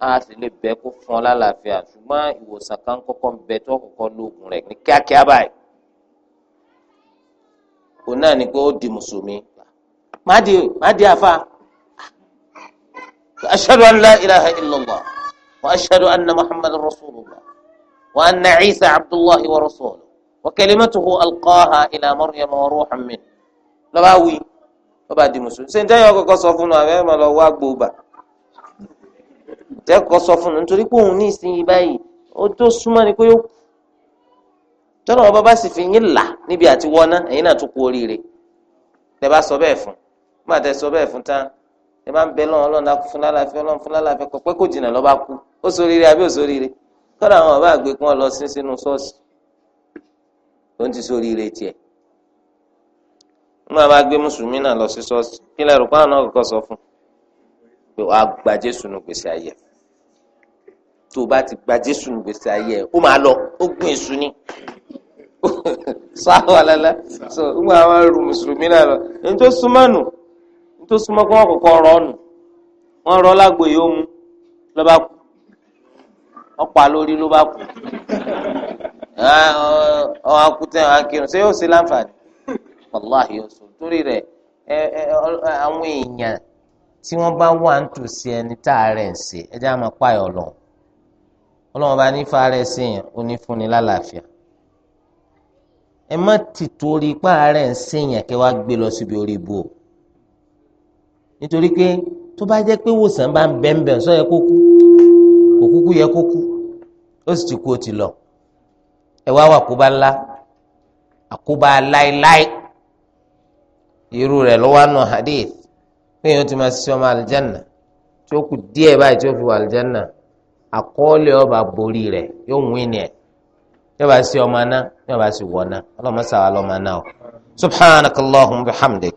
a sì lè bẹ kó fún ọ lálàáfíà ṣùgbọ́n ìwòsàn kan kọ́kọ́ ń bẹ tó kọ́kọ́ lóògùn rẹ̀ ní kíákíá báyìí òun náà ni pé ó di mùsùlùmí má di má di àfa ashadu أن لا إله إلا الله ashadu أن محمد رسول الله وأن عيسى عبد الله rasuluhu وكلمته ألقاها إلى ila maryam wa ruuxan min lọ́ba wí lọ́ba di mùsùlùmí ṣe ń tẹ́yọ̀ kọ́kọ́ sọ fún un àbẹ́ mọ̀ lọ wá gbóòbà tẹ́kọ̀ọ́ sọ fún un nítorí pé òun ní ìsinyìí báyìí ó tó súnmọ́ ni pé ó kú tọ́nà ọba bá sì fi yín là níbi àti wọná ẹ̀yin náà tún kú oríire tẹ bá sọ bẹ́ẹ̀ fún nígbà tẹ sọ bẹ́ẹ̀ fún tán ẹ máa ń bẹ lọ́wọ́ ọlọ́run dákú fún lálàáfíà ọlọ́run fún lálàáfíà kọ pé kò jìnnà lọ́ba kú ó ṣoríire àbí ó ṣoríire kọ́dà àwọn ọba àgbẹ̀ kan lọ sí sínú ṣọ́ọ̀ṣì tó ń ti ṣoríire tiẹ̀ wọ́n máa gbé mùsùlùmí náà lọ sí ṣọ́ọ̀ṣì kí lẹ́rù pààrọ̀ náà kọ́kọ́ sọ fún pé wàá gba Jésù nù gbèsè ayé tó o bá ti gba Jésù nù gbèsè ayé ó máa lọ ó gbìn èṣù ni sọ àwọn alálá tó súnmọ́ kí wọ́n kọ́kọ́ rọ ọ̀nù wọ́n rọ lágbo yìí ó mu ló bá kú ọ̀pá lórí ló bá kú ọ̀hún akutẹ akirun ṣé yóò ṣe láǹfààní wàláhì yóò sùn torí rẹ̀ àwọn èèyàn tí wọ́n bá wà ń tòsí ẹni tá a rẹ̀ ń ṣe ẹjẹ́ àmọ́ páyọ̀ lọ́hùn ọlọ́run bá ní fàárẹ̀ sí yẹn ó ní fúnni lálàáfíà ẹ má ti torí pààrẹ̀ ń ṣèyàn kẹ́ wá gbé lọ síbi orí ibú o nítorí pé tó bá jẹ́ pé wòsàn bá ń bẹ́ńbẹ́ sọ yẹ kó kú kò kúkú yẹ kó kú ó sì ti kú ó ti lọ ẹ wá wà kóbá ńlá àkóbá láéláé irú rẹ̀ lọ́wọ́ nù hadith pé yóò ti máa ṣiṣẹ́ ọmọ alìjánà tí ó kù díẹ̀ báyìí tí ó fi wà alìjánà àkọọ́lẹ̀ ọba borí rẹ̀ yóò wín ni ẹ̀ yóò bá ṣe ọmọ náà yóò bá ṣe wọ̀ náà ọlọ́mọ sàwálọ́ ọmọ náà subhanakallahumma bihamdik.